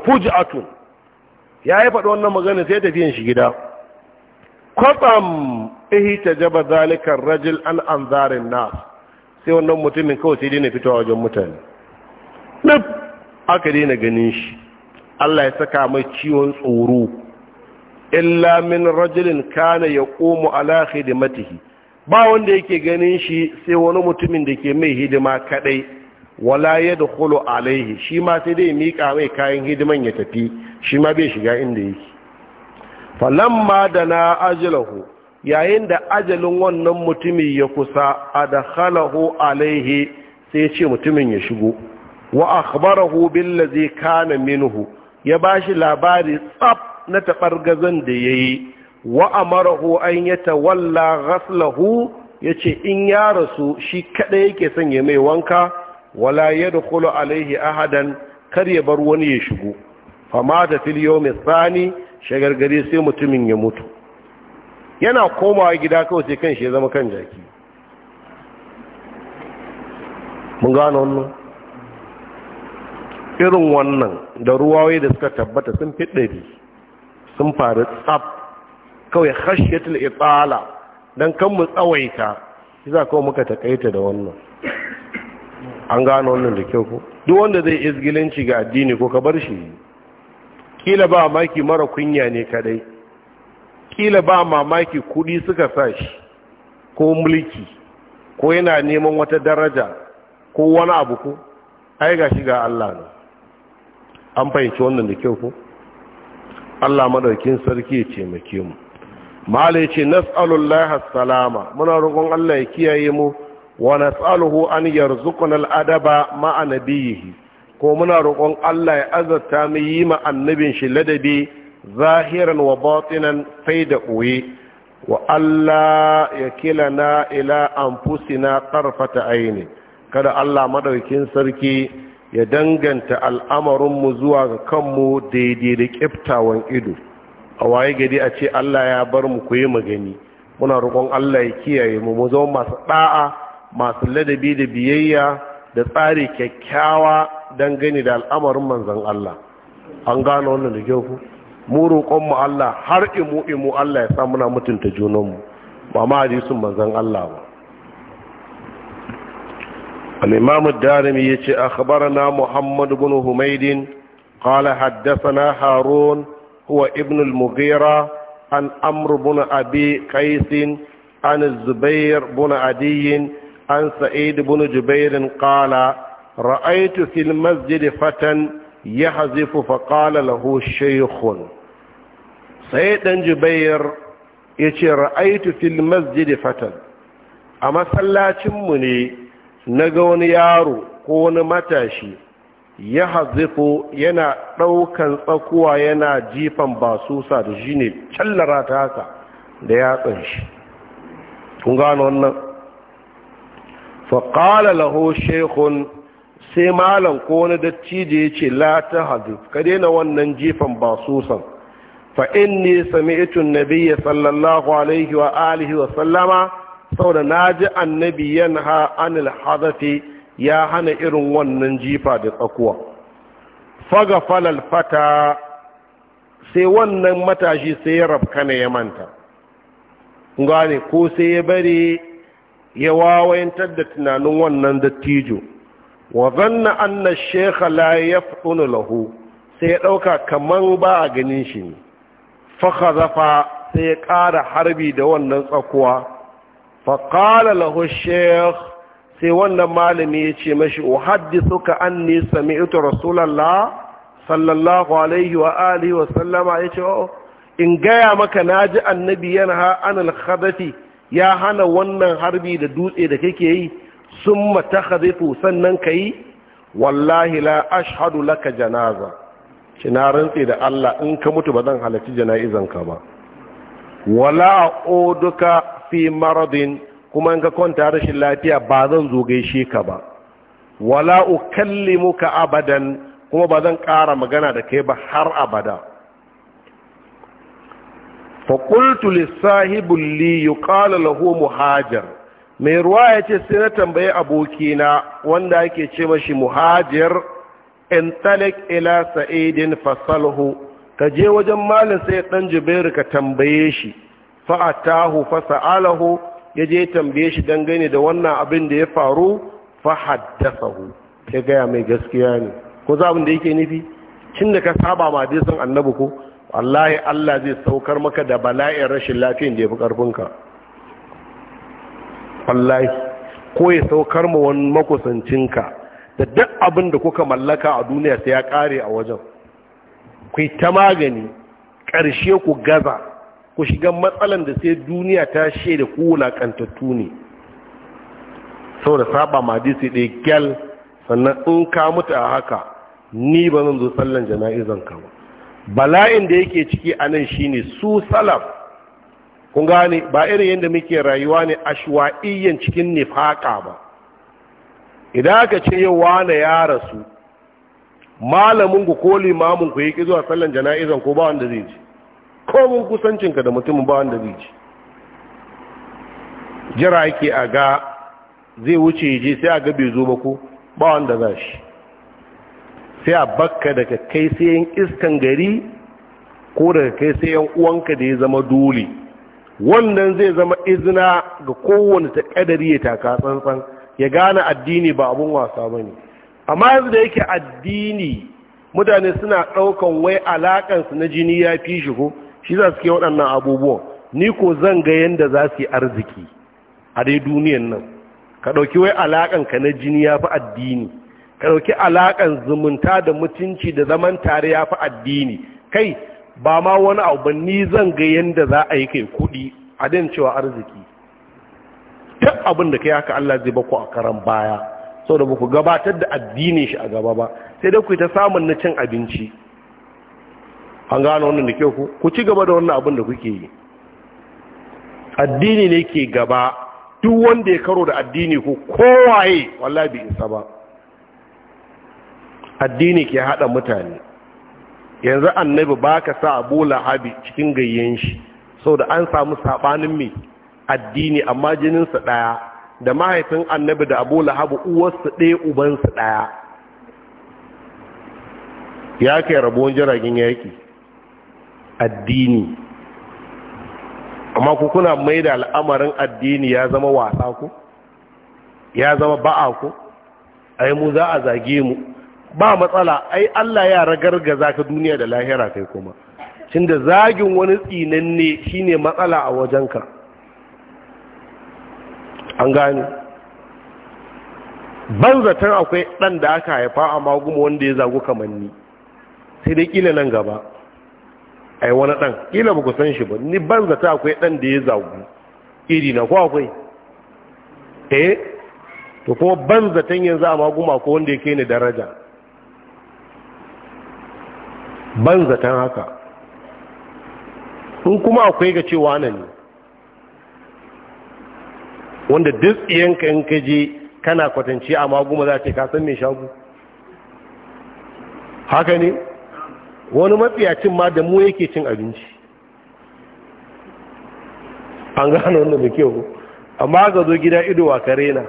Ya yi faɗi wannan magana sai tafiyan shi gida kwatsam ihtajaba jaba zalikan rajil an anzarin nas sai wannan mutumin kawai sai fito a wajen mutane ɗif aka daina ganin shi Allah ya saka mai ciwon tsoro illa min rajulin kana ya ƙomo ala khidmatihi ba wanda yake ganin shi sai wani mutumin da ke mai hidima kadai wala ya dukulu alaihi shi ma sai dai miƙa mai kayan hidiman ya tafi shi ma bai shiga inda yake falamma da na ajilahu yayin da ajalin wannan mutumin ya kusa a da halahu alaihi sai ce mutumin ya shigo wa akhbarahu billazi kana minhu ya bashi labari tsab na tabargazan da yayi wa amarahu an yatawalla ghaslahu yace in ya rasu shi kada yake son ya mai wanka wala yadkhulu alaihi ahadan kar ya bar wani ya shigo fama da fil yawmi thani shagargare sai mutumin ya mutu yana komawa gida kawai sai kan shi ya zama kan jaki mun gano wannan irin wannan da ruwawai da suka tabbata sun fi ɗari sun faru tsab kawai hashetul itsala don kan mu tsawaita shi za kawai muka takaita da wannan an gano wannan da kyau ko duk wanda zai izgilanci ga addini ko ka bar shi kila ba maki mara kunya ne kadai kila ba mamaki kuɗi suka sa shi ko mulki ko yana neman wata daraja ko wani abu ko ai ga shiga Allah ne an fahimci wannan da kyau ko Allah madaukin sarki ya ce taimake mu malai ce nas'alullahi salama muna roƙon Allah ya kiyaye mu wa nas'aluhu an yarzuqana al'adaba adaba ma'a ko muna roƙon Allah ya azarta mu yi ma annabin shi ladabi zahiran wa batinan fai da ɓoye wa Allah ya kila na ila na ƙarfata aini kada Allah madaukin sarki ya danganta al'amarinmu zuwa ga kanmu daidai da ƙiftawan ido a waye gari a ce Allah ya bar mu ku yi magani muna roƙon Allah ya kiyaye mu mu zama masu ɗa'a masu ladabi da biyayya da tsari kyakkyawa dangane da al'amarin manzon Allah an gano wannan da kyau mu roƙon mu Allah har imu imu Allah ya sa muna mutunta junanmu ba ma hadisin manzon Allah ba الإمام الدارمي يتي أخبرنا محمد بن هميد قال حدثنا هارون هو ابن المغيرة عن أمر بن أبي قيس عن الزبير بن عدي عن سعيد بن جبير قال رأيت في المسجد فتى يحذف فقال له شيخ sai dan jubair ya ce ra'aitu fil masjidi fatan a masallacinmu ne na ga wani yaro ko wani matashi ya hazifo yana ɗaukan tsakuwa yana jifan basusa da shi ne ta haka da yatsan shi kun gano wannan faƙala laho shekun sai malam ko wani dattijo ya ce la ta hazif ka daina wannan jifan basusan fa inni sami'tu an-nabiyya sallallahu alaihi wa alihi wa sallama saboda naji annabi yanha anil hadathi ya hana irin wannan jifa da tsakuwa faga falal fata sai wannan matashi sai ya rabka ne ya manta gane ko sai ya bari ya wawayantar da tunanin wannan dattijo wa zanna anna shekha la yaf'unu lahu sai ya dauka kaman ba a ganin shi ne fakhazafa sai ya ƙara harbi da wannan tsakuwa faƙala lahu sheikh sai wannan malami ya ce mashi uhaddithuka anni sami'tu rasulallah sallallahu alaihi wa alihi wa sallama ya ce oh, in gaya maka naji annabi yana anil khadafi ya hana wannan harbi da dutse da kake yi summa takhadhifu sannan yi? wallahi la ashhadu laka janaza ki na rantse da Allah in ka mutu ba zan halarci jana'izanka ba wala uduka fi maradin kuma in ka kwanta rashin lafiya ba zan zo gaishe ka ba wala ukallimuka abadan kuma ba zan ƙara magana da kai ba har abada fa qultu lisahibul li yuqala lahu muhajir mai ruwa ya ce sai na tambaye abokina wanda yake ce mashi muhajir in talik ila sa'idin fasalhu ka je wajen malin sai dan jubairu ka tambaye shi fa'atahu sa'alahu ya je tambaye shi dangane da wannan abin da ya faru fa haddathahu ya gaya mai gaskiya ne ko za abin da yake nufi cin da ka saba ma dai san annabi ko wallahi Allah zai saukar maka da bala'in rashin lafiyan da ya fi karfinka wallahi ko ya saukar ma wani makusancinka da duk abin da kuka mallaka a duniya sai ya kare a wajen ku ta magani ƙarshe ku gaza ku shiga matsalan da sai duniya ta shaida ku wulaƙantattu ne Sau da saba ma sai ɗaya gyal sannan in ka mutu a haka ni ba zan zo tsallon jana'izan ka ba bala'in da yake ciki a nan shine su salaf kun gane ba irin yadda muke rayuwa ne ashwa'iyyan cikin nifaka ba idan aka ce yau wane ya rasu malamin ku ko limamin ku yake zuwa sallan jana'izan ko ba wanda zai ji ko mun kusancin ka da mutumin ba wanda zai ji jira yake a ga zai wuce ya je sai a ga bai zo ba ko ba wanda za shi sai a bakka daga kai sai yan iskan gari ko daga kai sai yan uwanka da ya zama dole wannan zai zama izina ga kowane ta kadari ya taka tsantsan ya gane addini ba abun wasa ba ne amma yanzu da yake addini mutane suna ɗaukan wai alaƙansu na jini ya fi shi ko shi za su ke waɗannan abubuwan ni ko zan ga yadda za su yi arziki a dai duniyan nan ka ɗauki wai alaƙanka na jini ya fi addini ka ɗauki alaƙan zumunta da mutunci da zaman tare ya fi addini kai ba ma wani abu ba ni zan ga yadda za a yi kai kuɗi a cewa arziki duk abin da kai haka Allah zai baku a karan baya saboda ba ku gabatar da addinin shi a gaba ba sai dai ku ta samun na cin abinci an gano wannan da kyau ku ci gaba da wannan abin da kuke yi addini ne ke gaba duk wanda ya karo da addini ku kowaye wallahi bi isa ba addini ke hada mutane yanzu annabi baka sa abu lahabi cikin gayyen shi saboda an samu sabanin mai addini amma jininsu ɗaya da mahaifin annabi da abu lahabu uwarsu ɗaya ubansu ɗaya ya kai rabuwan jiragen yaƙi addini amma ku kuna mai da al'amarin addini ya zama wasa ku ya zama ba'a ku ai mu za a zage mu ba matsala ai Allah ya ragargaza ka duniya da lahira kai kuma cin da zagin wani tsinanne shine matsala a wajenka an gane ban zaton akwai ɗan da aka haifa a maguma wanda ya zagu kamanni sai dai ƙila nan gaba a yi wani ɗan ƙila ba ku san shi ba ni ban zata akwai ɗan da ya zagu iri na ko akwai eh to kuma ban zaton yanzu a maguma ko wanda ya ke ni daraja ban zaton haka in kuma akwai ga cewa nan ne wanda duk yanka in ka je kana kwatance a maguma za ce kasan mai shagu haka ne wani matsiyacin ma da mu yake cin abinci an gano wanda da kyau amma ga zo gida ido wa kare na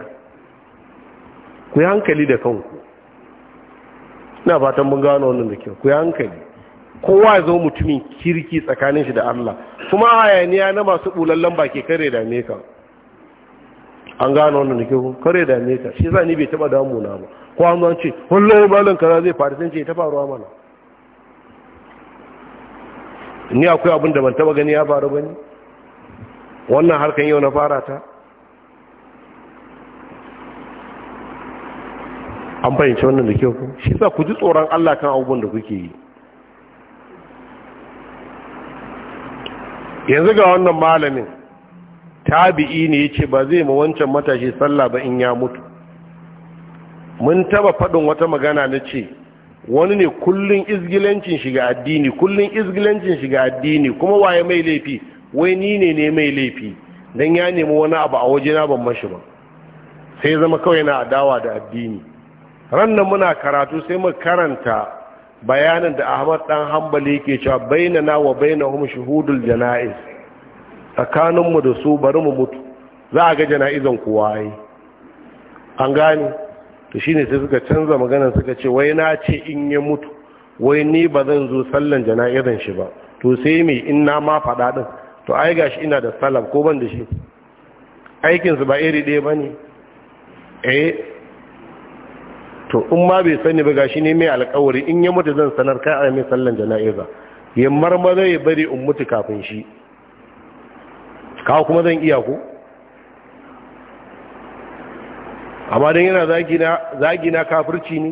ku yi hankali da kanku na fatan mun gano wanda da kyau ku yi hankali kowa zo mutumin kirki tsakanin shi da Allah kuma hayaniya na masu bulallan ba ke kare da mekan ka an gano wannan da kyau kare da ne ka shi za ni bai taba damu na ba ko an zance ce wallahi malam kaza zai faru sai ce ta faruwa mana ni akwai abin da ban taba gani ya faru bane wannan harkan yau na fara ta an fahimci wannan da kyau shi za ku ji tsoron Allah kan abubuwan da kuke yi yanzu ga wannan malamin tabi'i ne ya ce ba zai ma wancan matashi sallah ba in ya mutu mun taba faɗin wata magana na ce wani ne kullum izgilancin shiga addini kullum izgilancin shiga addini kuma waye mai laifi wai ni ne ne mai laifi dan ya nemi wani abu a wajena ban mashi ba sai zama kawai na adawa da addini rannan muna karatu sai mu karanta bayanin da Ahmad dan Hanbali yake cewa bainana wa bainahum shuhudul janaiz tsakaninmu da su bari mu mutu za a ga jana'izan kowa yi an gane to ne sai suka canza magana suka ce wai na ce in ya mutu wai ni ba zan zo sallan jana'izan shi ba to sai me ina ma faɗa ɗin to ai gashi ina da salam ko ban da shi aikinsu ba iri ɗaya ba ne eh to in ma bai sani ba gashi ne mai alkawari in ya mutu zan sanar kai a mai sallan jana'iza Yammar marmara ya bari in mutu kafin shi kawo kuma zan iya ku amma don yana zagi na kafirci ne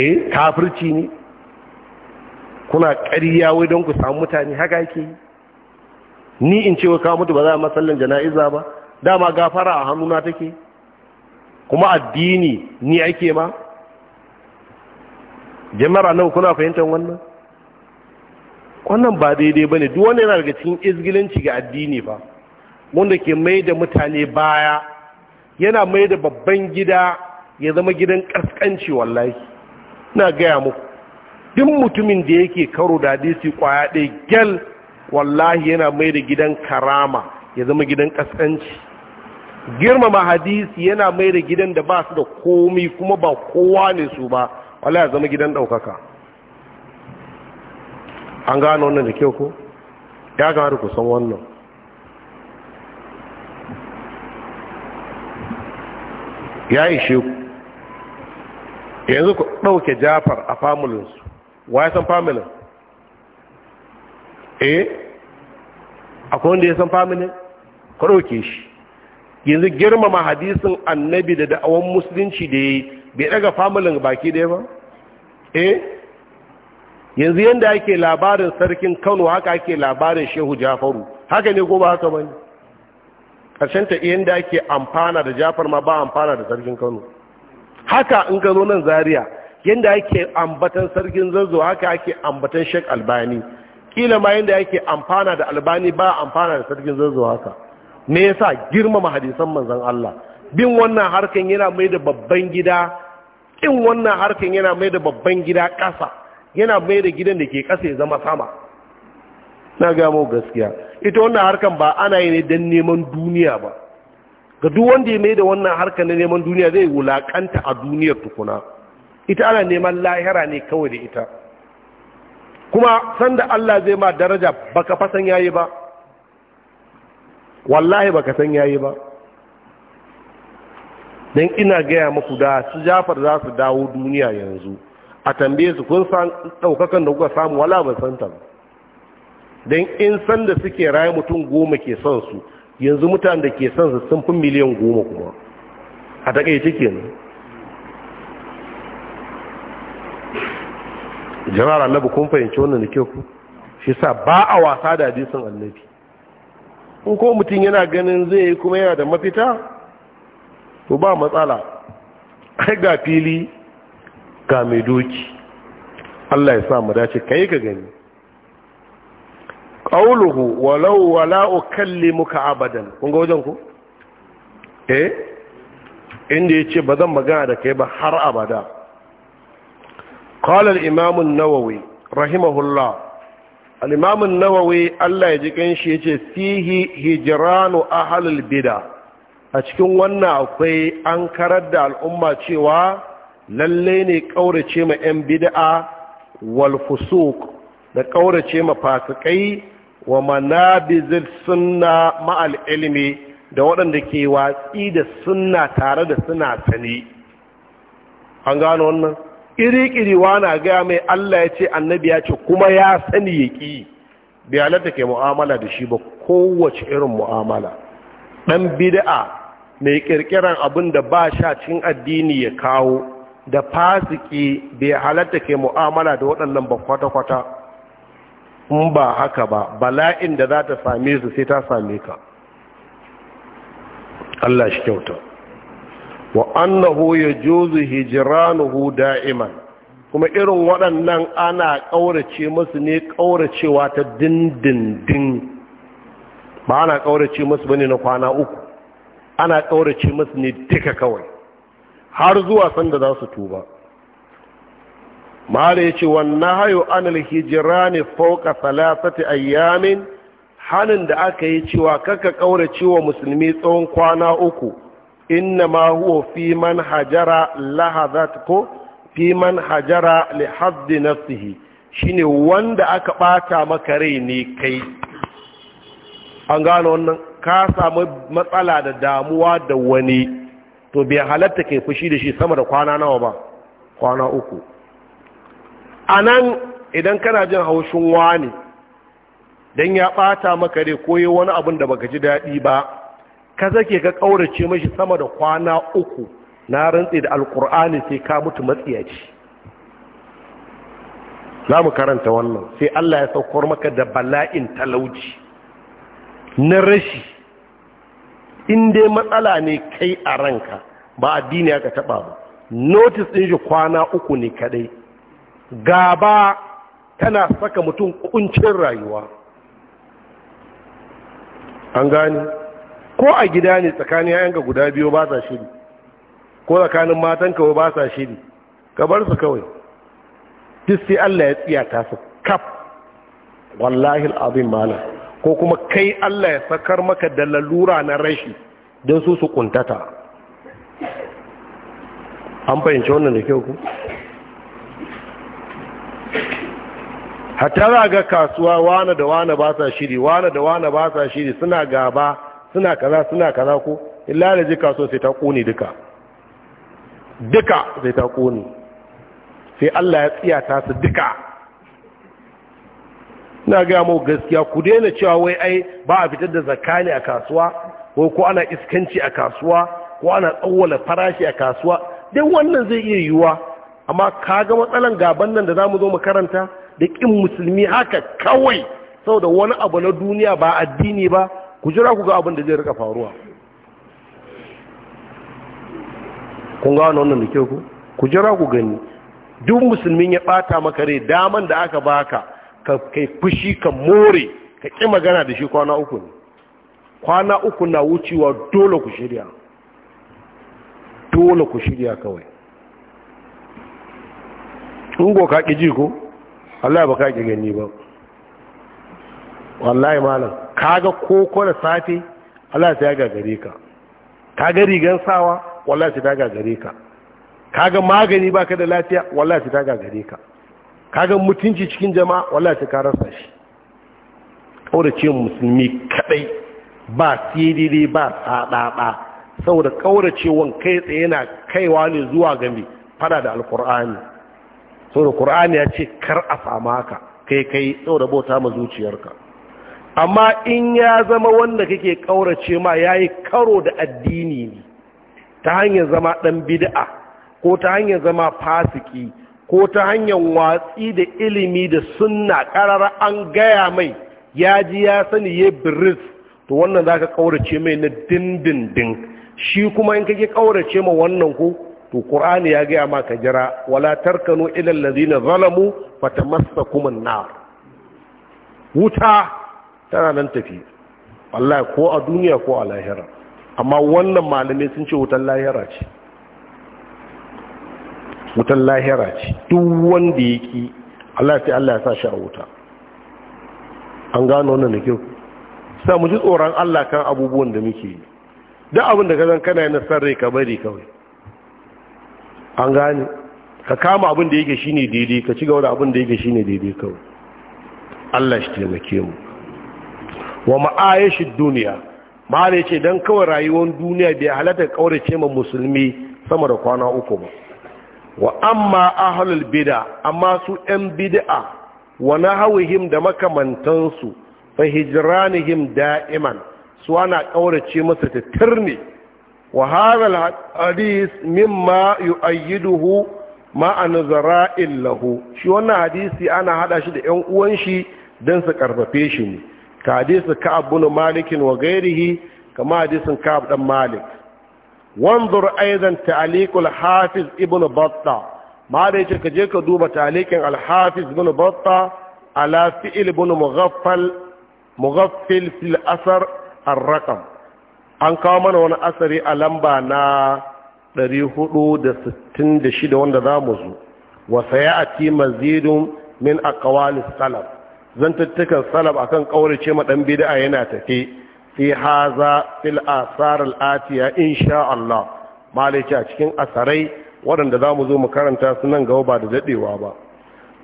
eh kafirci ne kuna ƙariya wai don ku samu mutane haka yake ni in ce wa kawo mutu ba za a matsalan jana'iza ba dama gafara a hannuna take kuma addini ni ake ma jimara nan kuna fahimtar wannan wannan ba daidai ba ne duk wani yana daga cikin izgilinci ga addini ba wanda ke mai da mutane baya yana mai da babban gida ya zama gidan ƙasƙanci wallahi na gaya muku duk mutumin da yake karo da hadisi kwaya ɗaya gyal wallahi yana mai da gidan karama ya zama gidan ƙasƙanci girmama hadisi yana mai da gidan da ba su da komi kuma ba kowa ne su ba wallahi ya zama gidan ɗaukaka an gano wannan da kyau ko ya gano ku san wannan ya ishe ku yanzu ku ɗauke jafar a famulinsu wa ya san famulin eh akwai wanda ya san famulin ku dauke shi yanzu girmama hadisin annabi da da'awan musulunci da ya yi bai ɗaga famulin baki ɗaya ba eh yanzu yadda ake labarin sarkin Kano haka ake labarin Shehu Jafaru haka ne ko ba haka bane karshen ta yanda ake amfana da Jafar ma ba amfana da sarkin Kano haka in ka zo nan yadda yanda ake ambatan sarkin Zazzau haka ake ambatan Sheikh Albani kila ma yadda ake amfana da Albani ba amfana da sarkin Zazzau haka me yasa girmama hadisan manzon Allah bin wannan harkan yana mai da babban gida in wannan harkan yana mai da babban gida ƙasa yana bai da gidan da ke kasa ya zama sama na gamo gaskiya ita wannan harkan ba ana yi ne don neman duniya ba ga duk wanda ya mai da wannan harkan na neman duniya zai wulakanta a duniyar tukuna ita ana neman lahira ne kawai da ita kuma sanda Allah zai ma daraja baka fasan yayi ba wallahi baka san yayi ba don ina gaya muku da su jafar za su dawo duniya yanzu a tambaye su kun san daukakan da kuka samu wala ban san ta don in san da suke raye mutum goma ke son su yanzu mutane da ke son su sun fi miliyan goma kuma a takaice kenan jama'ar annabi kun fahimci wannan da kyau shi sa ba a wasa da hadisin annabi in ko mutum yana ganin zai yi kuma yana da mafita to ba matsala ai ga fili ga mai doki Allah ya sa mu dace kai ka gani Ƙauluhu walau wala ukallimuka abadan kun ga wajen ku eh inda yace bazan magana da kai ba har abada qala al-imam an-nawawi rahimahullah al-imam nawawi Allah ya ji kanshi yace sihi hijranu ahlul bida. a cikin wannan akwai an karar da al'umma cewa Lallai ne ƙaurace ma 'yan bida'a wal fusuk da ƙaurace ma fasikai wa manabizir suna ma'al ilimi da waɗanda ke watsi da suna tare da suna sani an gano wannan iri-iri na gaya mai Allah ya ce annabi ya ce kuma ya sani ya ƙi biyalata ke mu'amala da shi ba kowace irin mu'amala ɗan bida'a mai ƙirƙiran abin da ba sha cin addini ya kawo da fasiki bai halatta ke mu'amala da waɗannan ba kwata-kwata in ba haka ba bala'in da za ta same su sai ta same ka Allah shi kyauta wa annahu juzu hijiranuhu da'iman kuma irin waɗannan ana ƙaurace musu ne ƙauracewa ta dindindin ba ana ƙaurace musu bane na kwana uku ana ƙaurace musu ne duka kawai har zuwa sanda za su tuba mala ya ce wannan hayo anil hijira ne fauka salasati ayyamin hannun da aka yi cewa kaka kaura cewa musulmi tsawon kwana uku inna ma huwa fi man hajara lahazat ko fi man hajara li haddi nafsihi shine wanda aka ɓata maka rai ne kai an gano wannan ka samu matsala da damuwa da wani to bai halatta ke fushi da shi sama da kwana nawa ba kwana uku a nan idan kana jin haushin wani don ya ɓata maka dai koyi wani abin da baka ji daɗi ba ka zake ka ƙaurace mashi sama da kwana uku na rantse da alkur'ani sai ka mutu matsiyaci za mu karanta wannan sai Allah ya saukar maka da bala'in talauci na rashi Inda dai matsala ne kai a ranka ba addini aka taba ba Notis din shi kwana uku ne kadai gaba tana saka mutum kuncin rayuwa an gani ko a gida ne tsakanin yayanka guda biyu ba sa shiri ko tsakanin matan kawai ba sa shiri ka bar su kawai duk sai Allah ya tsiya ta su kaf wallahi al'azim malam ko kuma kai Allah ya sakar maka da lalura na rashi don su su kuntata an fahimci wannan da kyau ku hatta za ga kasuwa wane da wane ba sa shiri wane da wane ba sa shiri suna gaba suna kaza suna kaza ko illa da ji kasuwa sai ta kone duka duka sai ta kone sai Allah ya tsiyata su duka ina gaya mu gaskiya ku daina cewa wai ai ba a fitar da zakani a kasuwa ko ko ana iskanci a kasuwa ko ana tsawwala farashi a kasuwa dan wannan zai iya yiwuwa amma kaga matsalan gaban nan da zamu zo mu karanta da kin musulmi haka kawai saboda wani abu na duniya ba addini ba ku jira ku ga abin da zai rika faruwa kun ga wannan da kyau ku ku jira ku gani duk musulmin ya bata maka rai daman da aka baka ka kai fushi ka more ka ƙi magana da shi kwana uku ne kwana uku na wucewa dole ku shirya dole ku shirya kawai ungo ka ƙi ji ko Allah ba ka ƙi gani ba wallahi malam ga koko da safe Allah ta ya gagare ka ka ga rigan sawa wallahi ta ta gagare ka ka ga magani ka da lafiya wallahi ta ta gagare ka kagan mutunci cikin jama'a wala ka rasa shi ce musulmi kadai ba sididi ba sadada saboda kauracewan kai tsaye yana kaiwa ne zuwa ga me fada da alqur'ani saboda qur'ani ya ce kar a fama ka kai kai saboda bauta ma zuciyarka amma in ya zama wanda kake kaurace ma yayi karo da addini ne ta hanyar zama dan bid'a ko ta hanyar zama fasiki ko ta hanyar watsi da ilimi da sunna karara an gaya mai ya ji ya sani ya biris to wannan za ka ƙaurace mai na dindindin shi kuma in kake ƙaurace ma wannan ku to ƙur'ani ya gaya ma ka jira wala tarkanu ilal ladina zalamu fatamassakum an-nar wuta tana nan tafi wallahi ko a duniya ko a lahira amma wannan malamai sun ce wutar lahira ce wutan lahira ce duk wanda ya ki Allah sai Allah ya sa shi a wuta an gano wannan da kyau sa mu ji tsoron Allah kan abubuwan da muke yi duk abin da ka zan kana yana sarre ka bari kawai an gane ka kama abin da yake shine daidai ka ci gaba da abin da yake shine daidai kawai Allah shi taimake mu wa ma'ayishi duniya ma'ana yace dan kawai rayuwar duniya bai halatta kaurace ma musulmi sama da kwana uku ba wa amma ahlul bid'a amma su ɗan bid'a wa nahawihim da makamantansu fa hijranihim da'iman su ana kaurace masa tattirne wa hadha hadith mimma yu'ayyiduhu ma anzara lahu shi wannan hadisi ana hada shi da ƴan uwan shi dan su karfafe shi ne ka hadisi ka'ab bin malik wa ghairihi kama hadisin ka'ab dan malik wanzur aidan ta'aliqul hafiz ibn batta ma da yace ka je ka duba ta'aliqin al-hafiz ibn batta ala fi'l ibn mughaffal mughaffil fil asar ar an kawo mana wani asari a lamba na da shida, wanda za mu zo wa sayati mazidun min aqwalis salaf zantattukan salaf akan ƙaurace ma dan bid'a yana tafe fi haza fil asar al'atiya insha Allah malaki a cikin asarai waɗanda za mu zo mu karanta su nan gaba ba da daɗewa ba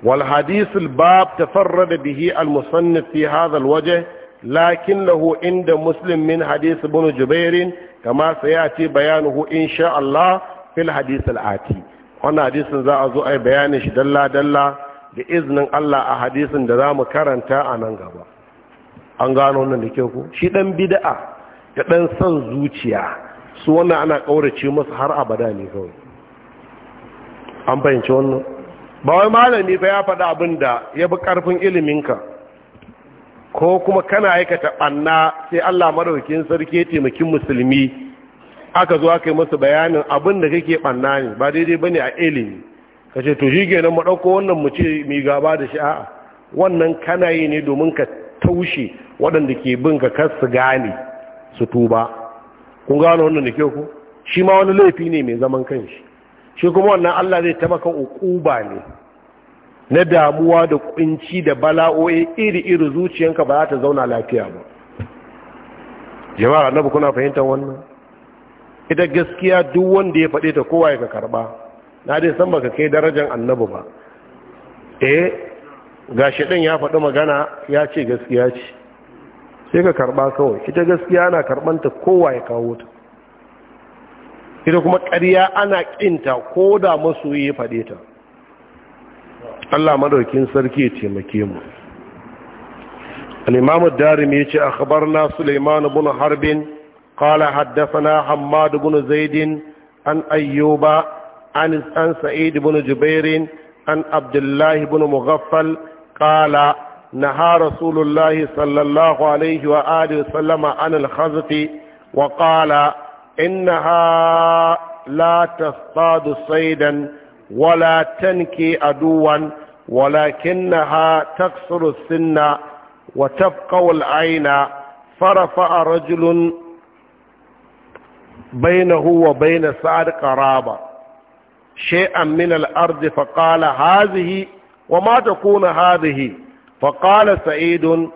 wal hadisul bab tafarrada bihi al musannif fi hadha al wajh lakin lahu inda muslim min hadith ibn jubair kama sayati bayanuhu insha Allah fil hadith al ati wannan hadisin za a zo ai bayanin shi dalla dalla da iznin Allah a hadisin da za mu karanta a nan gaba an gano wannan da kyau ko shi dan bid'a da dan son zuciya su wannan ana kaurace masa har abada ne kawai an fahimci wannan ba wai malami fa ya faɗa abin da ya bi karfin ka ko kuma kana aikata banna sai Allah madaukakin sarki ya taimakin musulmi aka zo aka yi masa bayanin abin da kake banna ne ba daidai bane a ilimi kace to shi kenan mu dauko wannan mu ce mi gaba da shi a'a wannan kana yi ne domin ka taushe waɗanda ke bin ka kar su gane su tuba kun gano wannan da ku shi ma wani laifi ne mai zaman kanshi shi kuma wannan Allah zai ta maka ukuba ne na damuwa da kunci da bala'o'i iri-iri zuciyanka ba za ta zauna lafiya ba jama'a annabi kuna fahimtar wannan ita gaskiya duk wanda ya faɗe ta kowa ya ka karɓa na dai san baka kai darajar annabi ba eh ga shaɗin ya faɗi magana ya ce gaskiya ce sai ka karɓa kawai ita gaskiya ana karɓanta kowa ya kawo ta ita kuma ƙarya ana ƙinta ko da masoyi ya faɗe ta Allah maɗaukin sarki ya taimake mu darim ya ce ce khabar na Suleiman bin harbin qala na Hamadu bin Zaidin, an ayyuba an an sa'id bin jubairin an Abdullahi bin mughaffal قال نهى رسول الله صلى الله عليه وآله وسلم عن الخزف وقال إنها لا تصطاد صيدا ولا تنكي عدوا ولكنها تكسر السن وتبقى العين فرفع رجل بينه وبين سعد قرابة شيئا من الأرض فقال هذه wa ma takunu hadhihi fa qala sa'idun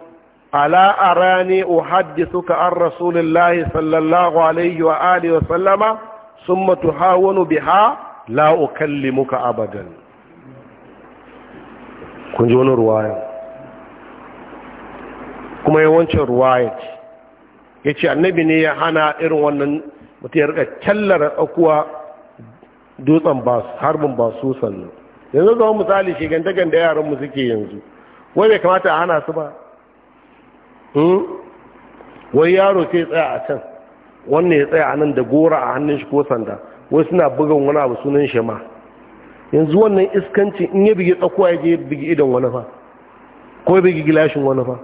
ala arani uhaddithuka an rasulillahi sallallahu alaihi wa alihi wa sallama thumma tuhawanu biha la ukallimuka abadan kun ji wani ruwaya kuma yawancin ruwaya ce ya ce annabi ne ya hana irin wannan mutu ya rika kyallara akuwa dutsen harbin basu sannan yanzu zama misali shigantakan da yaranmu suke yanzu wai bai kamata a hana su ba hmm? wai yaro sai tsaya a can wannan ya tsaya a nan da gora a hannun shi ko sanda wai suna bugan wani abu sunan shi ma yanzu wannan iskanci in ya bigi tsakuwa ya je bigi idan wani fa ko ya bigi gilashin wani fa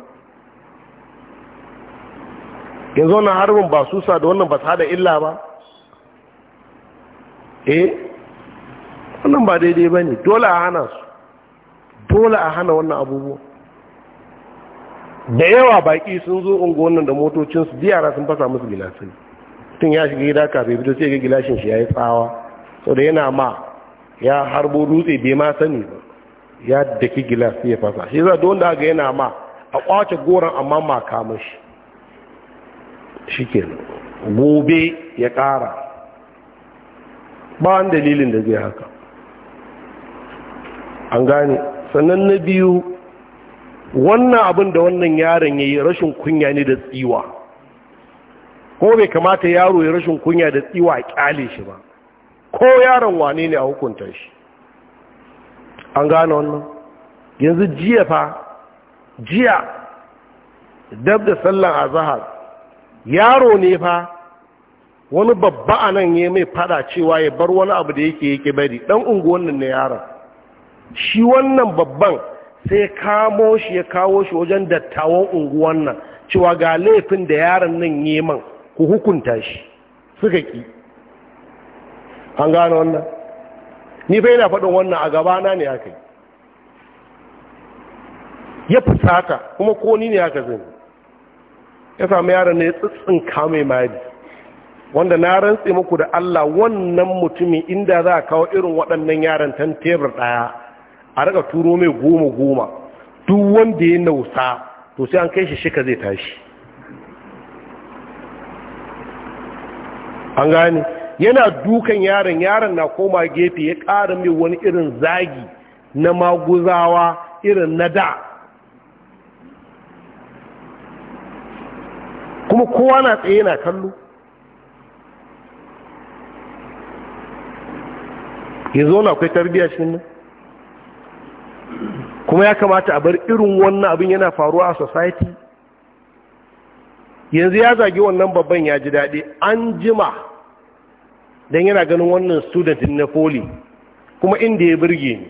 yanzu wannan harbin ba sa da wannan ba su hada illa ba eh wannan ba daidai ba ne dole a hana su dole a hana wannan abubuwa da yawa baki sun zo unguwannan da motocinsu yara sun fasa musu gilasai tun ya shiga gida kafin fito sai ga gilashin shi ya yi tsawa sau da yana ma ya harbo dutse bai ma sani ba ya daki gilas ya fasa shi za don da ga yana ma a kwace goron amma ma kama shi shi ke gobe ya kara ba wani dalilin da zai haka an gane sannan na biyu wannan abin da wannan yaron ya yi rashin kunya ne da tsiwa ko bai kamata yaro ya rashin kunya da tsiwa a kyale shi ba ko yaron wane ne a hukunta shi an gane wannan yanzu jiya fa jiya dab da sallan azahar yaro ne fa wani babba a nan ya mai fada cewa ya bar wani abu da yake yake bari dan unguwan nan na yaron shi wannan babban sai kamo shi ya kawo shi wajen dattawan unguwan nan cewa ga laifin da yaron nan yeman ku hukunta shi suka ki an gano wannan ni bai na faɗin wannan a gabana ne aka yi ya fusata kuma ko ni ne aka zini ya sami yaron ne ya tsitsin kame mai wanda na rantse muku da Allah wannan mutumin inda za a kawo irin waɗannan yaran tan tebur ɗaya a raka turo mai goma goma duk wanda ya nausa to sai an kai shi shika zai tashi an gane yana dukan yaron yaron na koma gefe ya ƙara mai wani irin zagi na maguzawa irin na da kuma kowa na tsaye na kallo yanzu wani akwai tarbiyyar shi nan kuma ya kamata a bar irin wannan abin yana faruwa a society yanzu ya zagi wannan babban ya ji daɗi an jima don yana ganin wannan student na foli kuma inda ya birge ni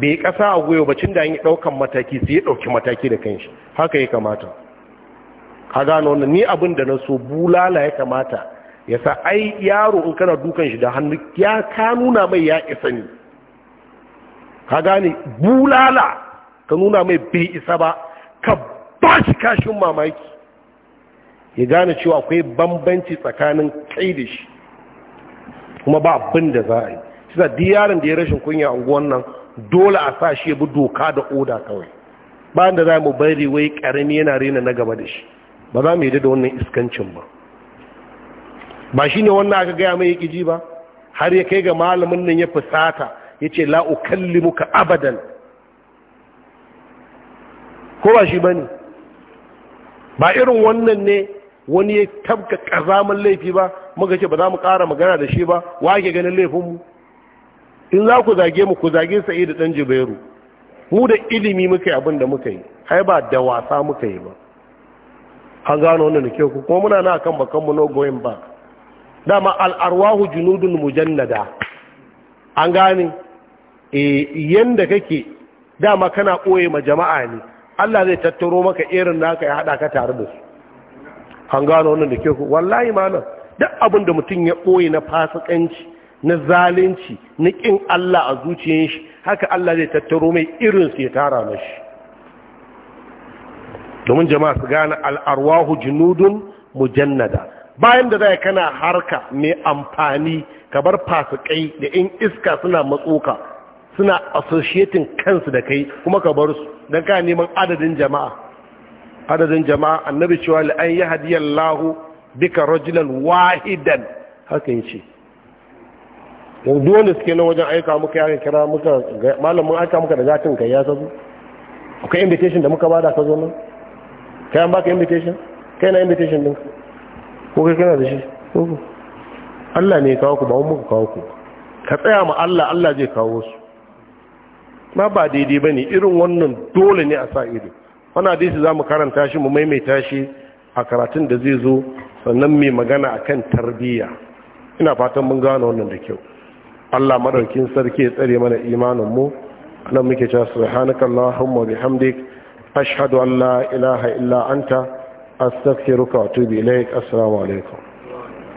bai ƙasa a goyo bacin da an yi ɗaukan mataki su, ya ɗauki mataki da shi, haka ya kamata ka gano wannan ni abin da na so bulala ya kamata ya sa ai yaro in kana dukan shi da hannu ya ka nuna mai ya isa ne ka gane bulala ka nuna mai bai isa ba ka ba shi kashin mamaki ya gane cewa akwai bambanci tsakanin kai da shi kuma ba abin da za a yi shi da yaron da ya rashin kunya a unguwan nan dole a sa shi ya bi doka da oda kawai bayan da za mu bari wai karami yana rena na gaba da shi ba za mu yi da wannan iskancin ba ba shi ne wannan aka gaya mai yaki ji ba har ya kai ga malamin nan ya fusata yace la muka abadan ko ba shi ne ba irin wannan ne wani ya tabka kazaman laifi ba muka ce ba za mu ƙara magana da shi ba wa ake ganin laifinmu in za ku zage mu ku zage sa'i da ɗan jibairu mu da ilimi muka yi abin da muka yi ai ba da wasa muka yi ba an gano wannan da kyau kuma muna na kan bakan mu no going back dama al'arwahu junudun mujannada an gane e yanda kake dama kana koye ma jama'a ne Allah zai tattaro maka irin naka ya hada ka tare da su an gano wannan da ke ku wallahi malam duk abin da mutum ya koye na fasikanci na zalunci na kin Allah a zuciyar shi haka Allah zai tattaro mai irin su ya tara mashi domin jama'a su gane al'arwahu junudun mujannada bayan da zai kana harka mai amfani ka bar fasikai da in iska suna matsoka suna associating kansu da kai kuma ka bar su don ka neman adadin jama'a adadin jama'a annabi cewa an an yahdi lahu bika rajulan wahidan haka yace ce, duk wanda suke nan wajen aika muka ya kira muka malamin aika muka da zatin kai ya sabu akwai invitation da muka bada ka zo nan kai an baka invitation kai na invitation din ko kai kana da shi ko Allah ne ya kawo ku ba mu kawo ku ka tsaya ma Allah Allah zai kawo su ma ba daidai ba ne irin wannan dole ne a sa ido wani adisi za mu karanta shi mu maimaita shi a karatun da zai zo sannan mai magana a kan tarbiyya ina fatan mun gano wannan da kyau Allah maɗaukin sarki ya tsare mana imaninmu. mu muke cewa subhanaka bi bihamdik ashhadu an la ilaha illa anta astaghfiruka wa atubu ilaik assalamu alaikum